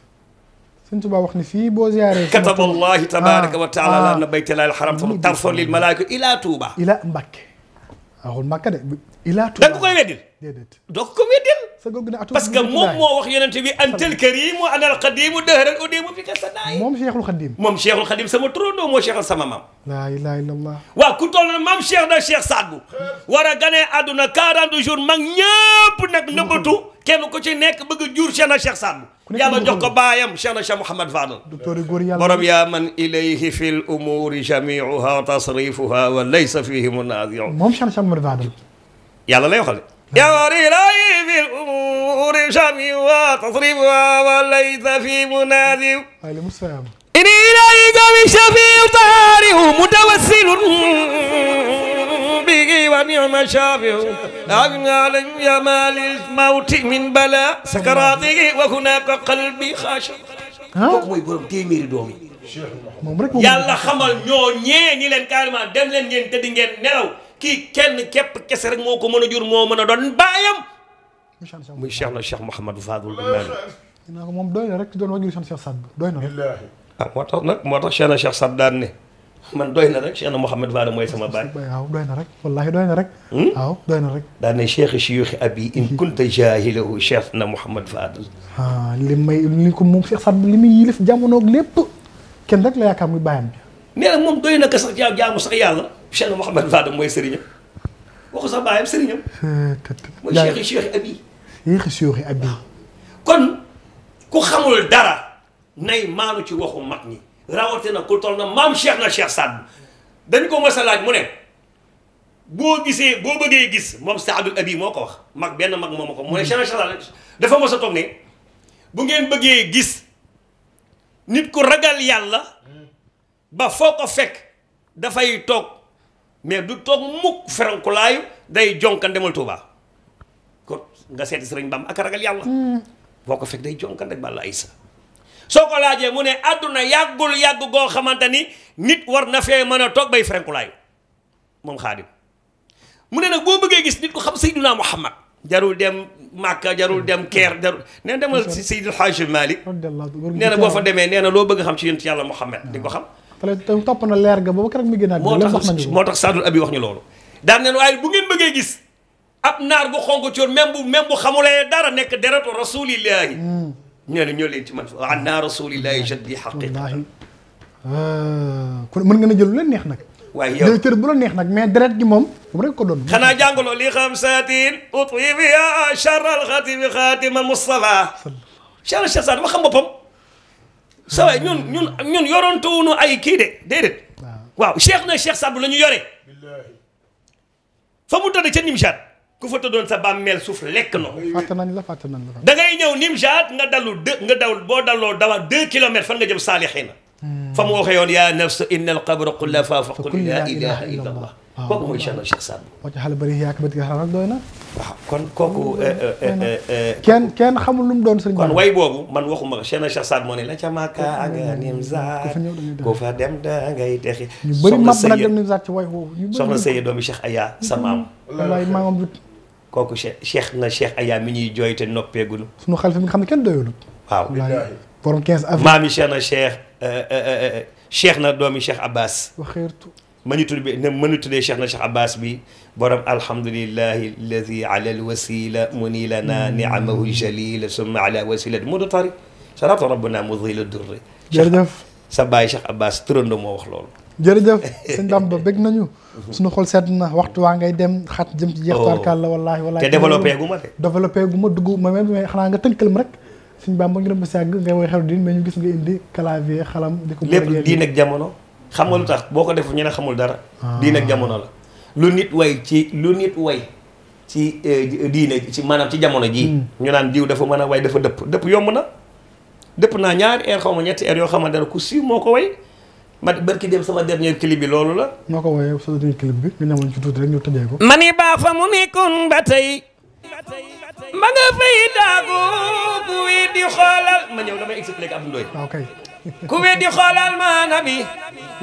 Sëñ Tuubaa wax ni fii boo ziyaaree. kataba Allaahi tabaaraka wa taala ah, anna baytal haram tarfan lil malaa'ika ilaa Tuubaa. ilaa Mbàkke waxul Mbàkke da nga koy weddil. ko weddil. sa goog parce que moom moo bi antal karimu anal xadimu moom moom Cheikhul Xadim sama turandoo moo Cheikhal sama maam. laa ilaaha illallah. waaw ku toll na na Cheikh Sadbu. war a ganee àdduna 40 jours mag ñëpp nag nëbbatu. kenn ku ci nekk bëgg jur Cheikh na Cheikh Sadbu. yàlla jox ko baayam Cheikh na Cheikh Mouhamad Fadal borom yaa man ilayhi fi l umuri jamiuha tasrifuha wa laysa fihi munaziu moom Cheikh na Cheikh Mouhamad Fadal yàlla lay waxal yaa man ilayhi fi l umuri jamiuha tasrifuha wa laysa fihi munaziu ini ilayka bi shafiu taarihu mutawassilun نعم شافع أغنى عن جمال الموت من بلاء سكراته وهناك قلبي خاشع kooku mooy borom téeméeri doom yi moom rek yàlla xamal ñoo ñee ñi leen carrément dem leen ngeen tëddi ngeen nelaw kii kenn képp kese rek moo ko mën a jur moo mën a doon baayam muy Cheikh na Cheikh Mouhamadou Fadul bu mel naa ko moom doy na rek doon wàññi Cheikh Saad doy na rek ah moo tax nag moo tax Cheikh na Cheikh Saad daan ne man doy na rek Cheikh na Mouhamed Waane mooy sama baay. waaw doy na rek wallaahi doy na rek. Hmm? waaw doy na rek. daan ne Cheikh Chiyuxi abi in kunta jaahilahu Cheikh na Mouhamed Fadel. ah li may li ko moom Cheikh Saad li muy yilif jamonoog lépp kenn rek la yaakaar muy bàyyam. nee na moom doy na ko sax jaamu sax yàlla Cheikh na Mouhamed Fadel mooy sëriñam waxu sax bàyyam sëriñam. mooy Cheikh Chiyuxi abi. Cheikh Chiyuxi abi. kon ku xamul dara nay maanu ci waxu mag ñi. rawatina ku toll na maam Cheikh na Cheikh Saad dañ ko mos a laaj mu ne boo gisee boo bëggee gis moom Saadul Abi moo ko wax mag benn mag moom ko mu ne Cheikh na Cheikh Saad dafa mos a toog ne bu ngeen bëggee gis nit ku ragal yàlla ba foo ko fekk dafay toog mais du toog mukk ferankulaayu day jonkan demal Touba ko nga seeti sëriñ Bam ak ragal yàlla. boo mm. ko fekk day jonkan rek bàlla ay soo ko laajee mu ne àdduna yàggul yàgg goo xamante ni nit war na fee mën a toog bay frenkulaayu moom xaadim mu ne nag boo bëggee gis nit ko xam Seydina Muhammad jarul dem Màkka jarul dem Keer jarul nee na demal si Seydil Hajj Malik nee boo fa demee nee na loo bëgg xam ci yonent yàlla Muhammad di nga ko xam. topp na leer ga ba keroog mi gën a. moo tax moo Abi wax ñu loolu. daan neen waaye bu ngeen bëggee gis ab naar bu xonk coon même bu même bu xamulee dara nekk deretu rasulillahi hmm. ñoo leen ñoo leen ci man wa anna rasulillahi jaddi xaqiqatan ah, kon mën nga na jël lu leen neex nag waaye yow cër bu la neex nag mais deret gi moom moom rek ko doon xanaa jàngaloo li xamsatin utwibi ya charal xatimi xaatimal mustafa chara chasad wax xam boppam sa waay ñun ñun ñun yorontowunu ay kii de déedéet waaw cheikh na cheikh Saad Bou la ñu yore fa mu tëdd ca Nimsaat ku fa tëddoon sa bàmmeel suuf lekk na fàtte nañ la fàtte nañ la da ngay ñëw Nimjaat nga dalu dë nga daw boo daloo dawa deux kilomètres fan nga jëm saalixiina hmm. fa mu waxee yoon yaa nafs inna alqabra xullafaa fa qul laa ilaha illa allah kooku mooy Cheikhna Cheikh Sadbou moo ci xale bëri yaaka bët xaral doy na waaw kon eh, eh, eh, kooku kenn kenn xamul lu mu doon sëriñ kon way boobu man waxuma Cheikhna Cheikh Sadbou moo ne la ca Màkka aga Nimzaat ku fa dem da ngay texi ñu bëri mab nag dem Nimzaat ci way woowu soxna sëyi doomi Cheikh Aya sa maam wallaay maamam kooku che cheikh na cheikh Aya mi ñuy jooy te noppeegunu. sunu xalifa mi nga xam ne kenn doyulul. waaw borom 15 avril maami cheikh na cheikh euh, euh, euh, cheikh na doomi cheikh Abbas. waxeertu mënutul bi ne mënutulee cheikh na cheikh Abbas bi borom alhamdulillahi alladi ala alwasila munilana hmm. niamahu jalila summa ala wasilati mu du tari sarata rabbuna mudhilu durri. jërëjëf sa baay cheikh Abbas turando moo wax loolu. jërëjëf sëñ Bamba bëgg nañu mhm. suñu xol sedd na waxtu waa ngay dem xat jëm ci jeex oh. taarkal la wallaahi wallaahi te développé gu ma de développé gu ma dugg ma même mais xanaa nga tënkal ma rek sëñ Bamba ngi dem ba sàgg ngay woy xelu diin mais ñu gis nga indi clavier xalam di ko lépp diin ak jamono xam nga lu tax boo ko defu ñu ne xamul dara ah. diin ak jamono la lu nit way ci lu nit way ci eh, diine ci maanaam ci jamono jii mm. ñu naan diw dafa mën a way dafa dëpp dëpp yomb na dëpp naa ñaari air ñetti air yoo xamante ne ku siiw moo ko way ma barki sama dernier clip bi loolu la. noo ko woyee sama ko. ma baa fa mu nekkoon ba tey. ma nga fay daagu ku wéy ah, xoolal ma nabi.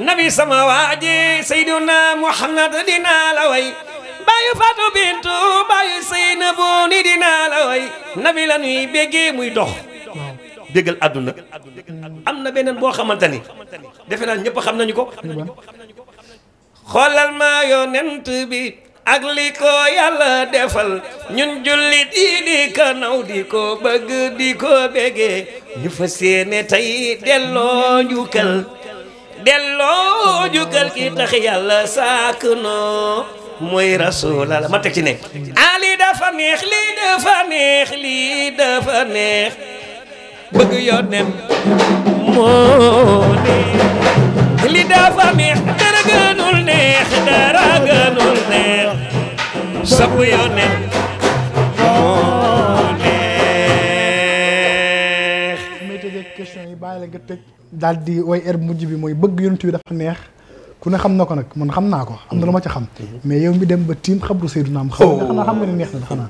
nabi sama waaji Seydina Muhammad dinaa la way. baayu Fatou Bintou baayu Seynabu ni dinaa la way. nabi la ñuy muy dox. bégal àdduna am na beneen boo xamante ni defe naa ñëpp xam nañu ko xoolal maa yonent bi ak li ko yàlla defal ñun jullit yi di kanaw di ko bëgg di ko bégee ñu fa séene tey delloo njukkal delloo njukkal ki tax yàlla sàkk noo mooy rasulala ma teg ci ne ali dafa neex lii dafa neex lii dafa neex bëgg yonent moo ne li dafa neex dara gënul neex dara gënul neex moo neex may tëjee question yi bàyyi la nga tëj daal di way er mujj bi mooy bëgg yonent bi dafa neex ku ne xam na ko nag man xam naa ko am na lu ma ci xam mhm. mais yow mi dem ba tiim xabru Seydou oh. naam xam nga xam nga neex na xanaa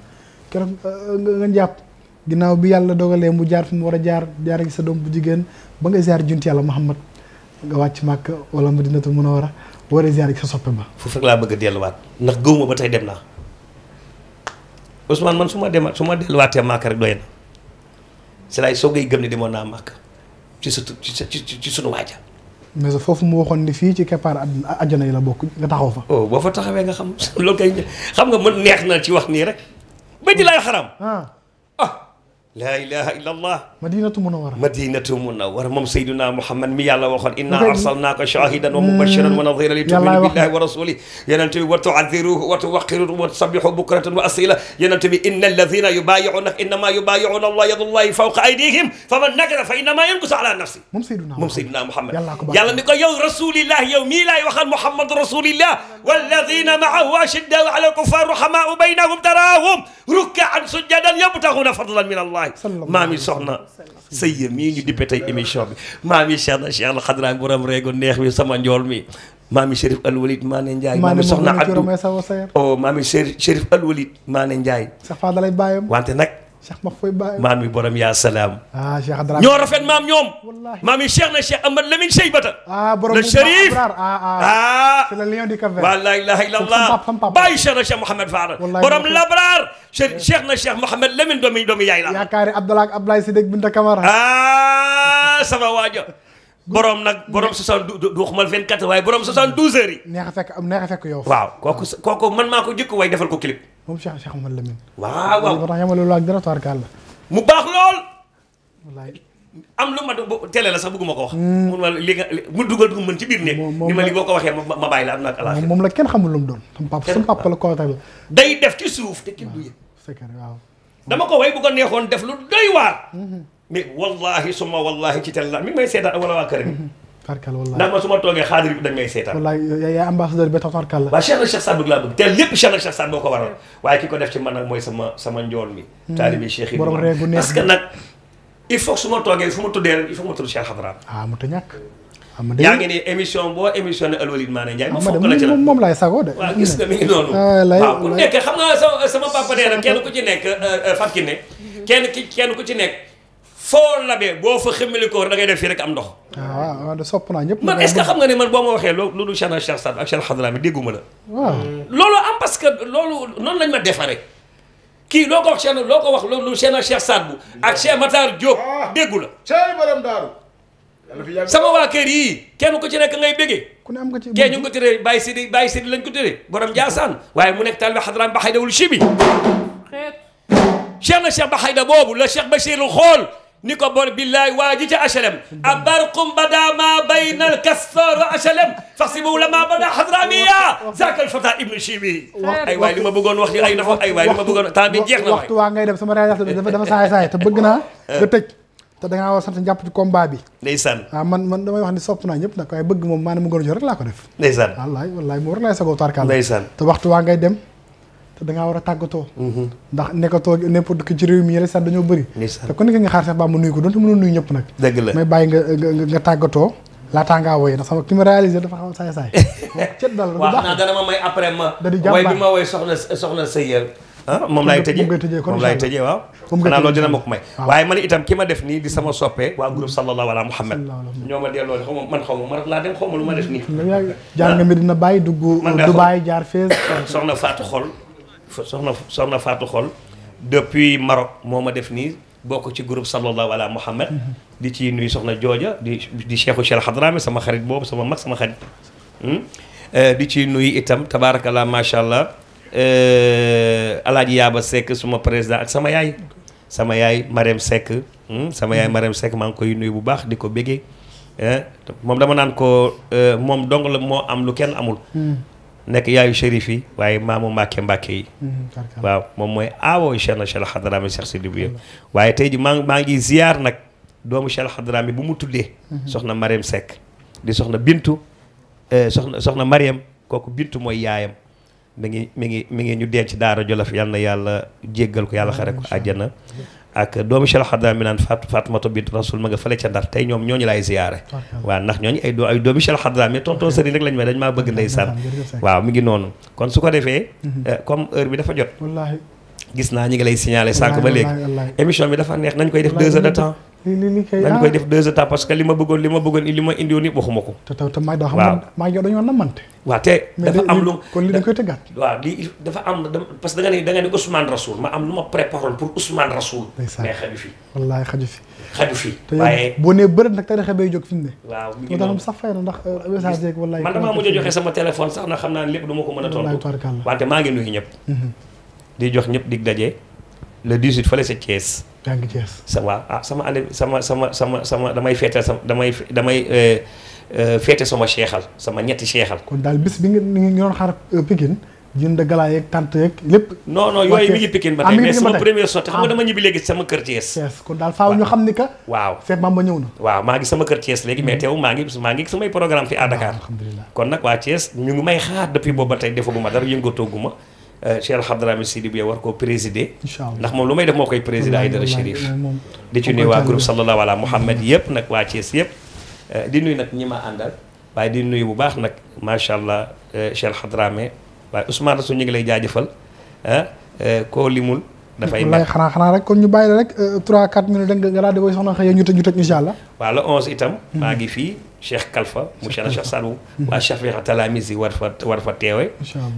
keroog euh, nga nga jàpp ginnaaw bi yàlla dogalee mu jaar fi mu war a jaar jaar gi sa doom bu jigéen ba nga ziar junti yàlla Muhammad nga wàcc Màkka wala Madinatul Munawwara war a war gi sa soppe ba. foofu rek laa bëgg a delluwaat ndax gëwuma ba tey dem naa Ousmane man su ma dema su ma delluwaatee Màkka rek doy na si laay soogay gëm ne demoon naa Màkka ci sa ci sa ci sunu waaja. mais foofu mu waxoon ni fii ci keppaar àjjana yi la bokk nga taxaw fa. oh boo fa taxawee nga xam loolu kay xam nga mën neex na ci wax nii rek. ba ji laay xaram ah. ah. laa ilaha illa allah madinatu munawara madinatu munawara moom sayduna muhammad mi yàlla waxoon inna arsalnaaka shahidan wa hmm. mubashiran wa nadira li tuminu billahi wa rasulih yenente bi wa tuadiruhu wa tuwaqiruhu wa tusabihu bukratan wa asila yenente bi inna alladina yubayiunak innama yubayiuna allah yadullahi fawqa aydihim faman nakara fa innama yankusu ala nafsi moom sayduna moom sayduna muhammad yàlla ni ko yow rasulillah yow mii laay waxal muhammad rasulillah walladina maahu ashiddaau ala kufar ruhamaau baynahum taraahum rukkaan sujjadan yabtaxuna fadlan min allah rasulullahi maam yi soxna sëyya mii ñu dippe tey émission bi maam yi cheikh na cheikh al xadra borom reego neex mi sama njool mi maami Chérif Alwalid Maane Ndiaye maami soxna Abdou o oh, maami Chérif Alwalid Maane Ndiaye sa fa dalay bàyyam wante nag cheikh ma fooy bàyyi maam yi borom yaa salaam. ah cheikh Adra ñoo rafet maam ñoom. wallaahi maam yi cheikh na cheikh Ahmad Lamine Seybata. ah borom le Cherif ah, ah, ah c'est le lion du Cap-Vert. waa laa ilaaha illallaah bàyyi cheikh na cheikh Mouhamed Faara. borom Labraar. cheikh na cheikh Mouhamed Lamine doomi doomi yaay la. yaakaari Abdallah ak Abdoulaye Sidek Binta Camara. ah sama waajo borom nag borom 72 du waxumal 24 waaye borom 72 heures yi. neex a fekk neex a fekk yow. waaw kooku kooku man maa ko jëkk waaye defal ko clip. moom Cheikh Cheikh Mouhamed waaw waaw moo tax yamale lu ak dara tubaarkàlla. mu baax lool. wallaay. am lu la sax bëgguma ko wax. Hmm. mun ma li nga mu dugal ne. moom ma li boo ko waxee ma ma bàyyi la am na ak alaxira. moom la kenn xamul lu mu doon. sama papa sama papa la ko tamit. day def ci suuf te kenn du yëg. waaw dama ko way bu ko neexoon def lu doy waar. Hmm. mais wallaahi suma ci télé la mi ngi may seetaan wala waa Farkal wallaay ndax ma toogee xaadir bi dañ may seetaan. wallaay yaay ambassadeur bi tax Farkal la. waaw Cheikh na Cheikh bëgg laa bëgg te lépp Cheikh na Cheikh Saad boo ko waral waaye ki ko def ci man nag mooy sama sama njool mi. Hmm. taalibi Cheikh Ibrahima borom réegu parce que nag il faut su ma toogee fu ma tuddee rek il faut ma tudd Cheikh Xadra. ah mu ta ñàkk. Ah, yaa ngi nii émission boo émission ne Alwalid Mané ma ah, fokk la ci moom laay sago de waaw gis nga mi ngi noonu ah, waaw ku nekk xam nga sama papa dee na kenn ku ci nekk euh, euh, Fatou Kiné mhm. kenn ki kenn ku ci nekk foo labee boo fa xëmmali ko da ngay def fii rek am ndox. waaw ah, waaw de ñëpp. man est-ce xam nga ne man boo ma waxee loolu Cheikh na Cheikh Saad ak la. waaw loolu parce que loolu noonu lañ ma defaree. kii loo ko wax Cheikh loo ko wax loolu Cheikh na Cheikh Saad bu ak Cheikh Matar Diop ah. déggu la. Cheikh Maram Daaru. sama waa kër kenn ku ci nekk ngay béggee ku ne am nga ci kenn ñu ko tëree Baye Sidi Baye Sidi lañ ko tëree borom Ndiassane waaye mu nekk taalibe Hadrami ba xayda wul chibi Cheikh na ba xayda boobu la Cheikh Bachir xool ni ko bor billaay waa ca HLM abarqum bada ma bayna alkastor wa HLM la ma bada hadramiya zakal fata ibnu chibi ay waay li ma bëggoon ma bëggoon temps bi jeex na waxtu waa ngay dem sama réalisation dama saay saay te bëgg naa nga tëj te da ngaa war sant njàpp ci combat bi ndeysaan waaw ah, man man damay wax ni sopp naa ñëpp nag waaye bëgg moom maanaam mu gën a jor rek laa ko def ndeysaan wallaay moo rek te waxtu waa ngay dem danga war a tàggatoo. Mhm. ndax nekkatoo n'importe que ci réew mi yële sax dañoo bëri. te ku nekk nga xaar sax nag. la may bàyyi nga nga nga tàggatoo. laataa ngaa wooyee ndax sama ki ma a saay saay. cet dal la waaw naa da di jàmbaar way bi ma woy soxna soxna ah, moom laay tëjee moom laay tëjee waaw. xanaa loolu dina ma ko may. waaye def nii di sama soppee waa groupe sallallahu ala Muhammad. ñoo ma delloo xaw ma man xaw ma man laa dem xaw ma lu ma def nii. jaar nga Medina Baye dugg Dubaay jaar Fès. soxna Fatou Xol soxna soxna Fatou Xol depuis Maroc moo ma def nii bokk ci groupe sallallahu ala Muhammad di ci nuyu soxna jooja di di cheikhu Cheikh sama xarit boobu sama mag sama xarit hmm? eh, di ci nuyu itam tabaarakallah macha allah eh, alaaji yaaba Seck suma président ak sama yaay sama yaay Marème Seck hmm? sama yaay Marème Seck maa ngi koy nuyu bu baax di ko béggee eh, moom dama naan ko moom dong la moo am lu kenn amul hmm. nekk yaayu shérif yi waaye maamu mbàkke mbàkke yi mm-hmm, waaw moom mooy aawoo Cheikh na Cheikh Xadraami Cheikh Sidi mm-hmm. waaye tey ji maa maa ngi ziyaar nag doomu Cheikh Xadraami bu mu tuddee mm-hmm. soxna Mariam sekk di soxna Bintu eh, soxna soxna Mariam kooku Bintu mooy yaayam mi ngi mi ngi mi ngi ñu denc daara Jolof yal na yàlla jéggal ko yàlla xare ko àjjana ak doomu Cheikh Xaddaam mi naan Fatou Fatoumata bint Rasoul ma nga fële ca Ndar tey ñoom ñooñu laay ziyaare waaw ndax ñooñu ay doo ay doomu Cheikh Xaddaam mi tonton sëriñ rek lañ may dañ maa bëgg ndeysaan waaw mi ngi noonu kon su ko defee mhm. eh, comme heure bi dafa jot gis naa ñi ngi lay signaler sànq ba léegi émission bi dafa neex nañ koy def deux heures de temps li li li kay dañ koy def deux étapes parce que li ma bëggoon li ma bëggoon li ma indiwoon yëpp waxuma ko. te taw maa am kon li am parce que da nga ne da nga ne Ousmane boo nee bëreet nag tarixa waaw mi ngi noonu euh, a joxe sama téléphone na xam naa ne lépp du ma nuyu ñëpp mm-hmm. di jox ñëpp dig daje le 18 fële sa Thiès. jàng Thiès sa waaw ah sama année sama sama sama sama damay feetal sama damay damay euh, euh, feete sama seexal sama ñetti seexal. kon daal bis bi ngeen ñu doon xaar euh, Pikine jënd galaay yeeg tànt yeeg lépp. non non yooyu mi ngi Pikine ba ah, tey mais sama première sortie xam nga ah. dama ñibbi léegi sama kër Thiès. Thiès kon daal faaw ñu xam ni que. waaw seet maam ba ñëw na. waaw maa ngi sama kër Thiès léegi mais mm. teew maa ngi maa ngi samay programme fi à ah, Dakar. alhamdulilah kon nag waa Thiès ñu ngi may xaar depuis boobu ba tey defaguma dara yëngatooguma Euh, Cheikh Xadrami Sidi bu war koo présider. ndax moom lu may def moo koy présider Aïdara Chérif. di ci nuyu waa groupe yëpp nag waa Thiès yëpp. Euh, di nuyu nag ñi ma waaye di nuyu bu baax nag macha allah euh, Cheikh Xadrami waaye Ousmane su ñu ngi lay jaajëfal ah, koo limul. dafay nekk xanaa xanaa rek kon ñu bàyyi la rek 3 4 minutes rek nga itam. Hmm. maa ngi fii Cheikh Kalfa. mu Cheikh Salou. Hmm. waa Cheikh Talamizi war fa war fa teewe.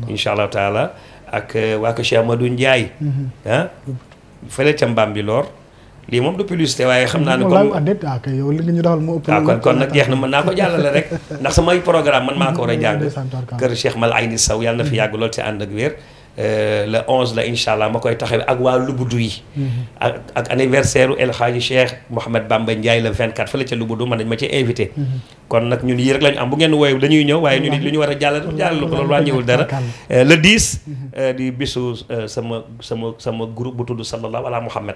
incha allah taala ak euh, waa ko Cheikh Amadou Ndiaye. Mm-hmm. ah fële ca Mbambilor. lii moom du publicité waaye xam naa ne comme ah kay yow li ñu defal moo ah, kon kon nag jeex na mën naa ko jàllale rek ndax samay programme man maa ko war a jàng kër Cheikh Mal Ayni Sow yàlla na fi mm-hmm. yàgg lool ci ànd ak wér Euh, le 11 la incha allah ma koy taxawee ak waa Lubudu yi. Mm-hmm. ak ak anniversaire El Hadji Cheikh Mouhamed Bamba Ndiaye le 24 fële ca Lubudu man dañ ma ci invité. Mm-hmm. kon nag ñun yii rek la am bu ngeen woowee dañuy ñëw waaye ñun li ñu war a jàllale jàllale ko euh, le 10. Mm-hmm. Euh, di bisu sama sama sama groupe bu tudd sallallahu ala Muhammad.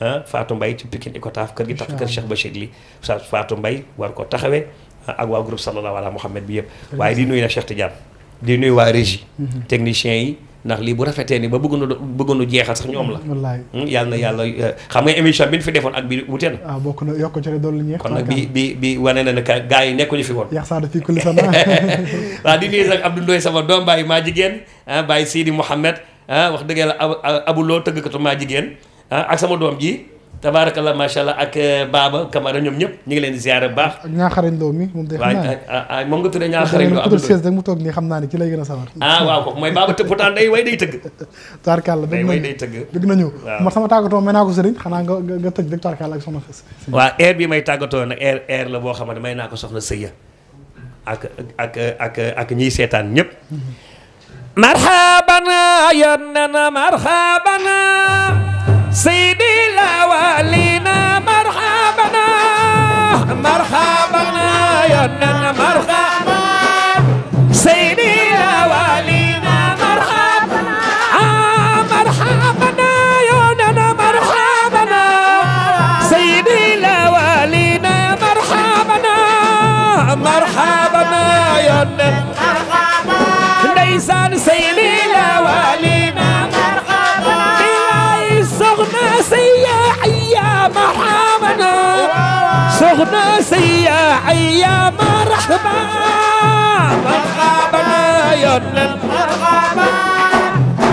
Ah, Fatou Mbaye ci Pikine Icotaf kër gi tax kër Cheikh Bachir li sa Fatou Mbaye war ko taxawee ah, ak waa groupe sallallahu ala Muhammad bi yëpp. waaye di nuyu nag Cheikh Tidiane di nuyu waa régie. technicien yi. ndax lii bu rafetee ni ba bëggoon bëggoonu jeexal sax ñoom la. wallaay hmm, yàlla na yàlla euh, xam nga émission bi ñu fi defoon ak bi wute na. Ah, bokk yokk ci la doon ñeex. kon nag bi bi bi wane na ne que gars yi nekkuñu fi woon. yàq saa daf fi kulli sama. waaw di nuyu nag Abdou Ndoye sama doom bàyyi maa jigéen ah bàyyi Sidi Mouhamed ah wax dëgg yàlla ab abuloo tëggkatu maa jigéen ah ak sama doom ji. tabaarakallah macha allah ak eh, Baba Camara ñoom ñëpp ñu ngi leen di baax. ak ñaaxarañ loo moom day ah, ah, ah, xam naa moom ci lay gën a sawar ah waaw mooy Baba tëgg taarkàlla day way day bëgg nañu ma sama tàggatoo may naa ko sëriñ xanaa nga nga tëj rek taarkàlla ak soxna Sëy waaw air bi may tàggatoo la boo xamante may naa ko soxna Sëy ak ak ak ak ñiy seetaan ñëpp mhm. marhabana yon nana marhabana سيدي لوالينا مرحبنا مرحبنا يا مرحبا سيدي يا مرحبا مرحبا يا مرحبا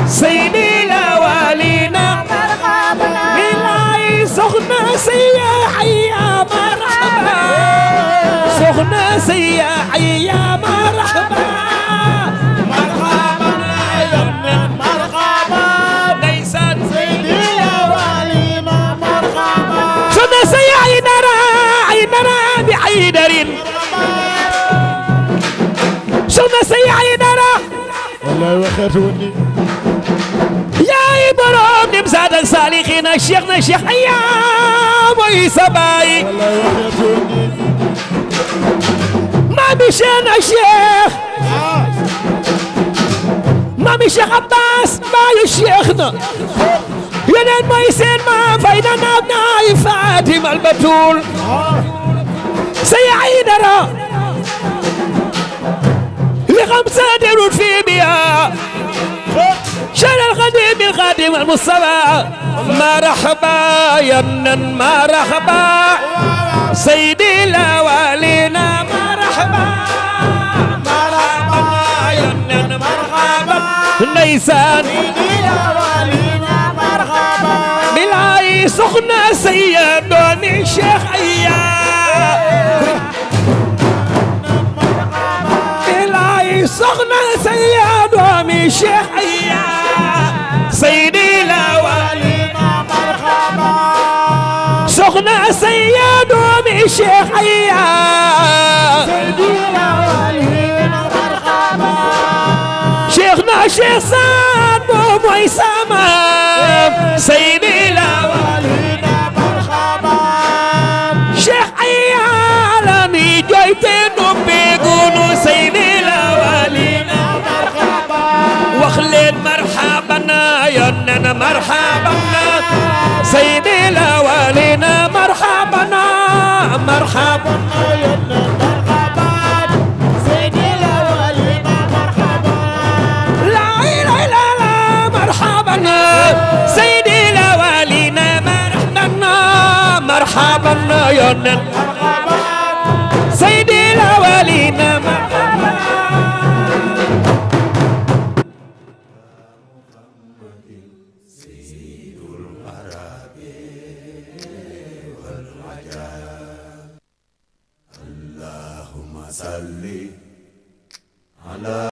سيدي الاولين مرحبا بالله سخنا سياحي يا مرحبا سخنا سياحي يا مرحبا ay darin soxna si ay dara wallaay waxeetu woon ni yaay borom nim saad ak saalixiin ak cheikh na cheikh ayaa mooy sa baay maami cheikh na cheikh maami cheikh abbas baayu cheikh na yeneen mooy seen ma fay na naab naay fatima albatul Seye Aïdara li xam sa derut fii bi yaa Cheikh al Khadim al Khadim al Mustafa marhaba yamnan marhaba Seydi la walina marhaba marhaba yamnan marhaba ndeysaan bilaay soxna Seye doomi Cheikh Aïya ilaahi soxna say yaa doomi Cheikh Aya Seydi Lawali soxna say yaa doomi Cheikh Aya Seydi Lawali Cheikh na Cheikh Saad boo mooy sama te doppeeku nu Seydi Lawali wax leen marhaban yónneen marhaban Seydi Lawali marhaban marhaban مرحبا يا نن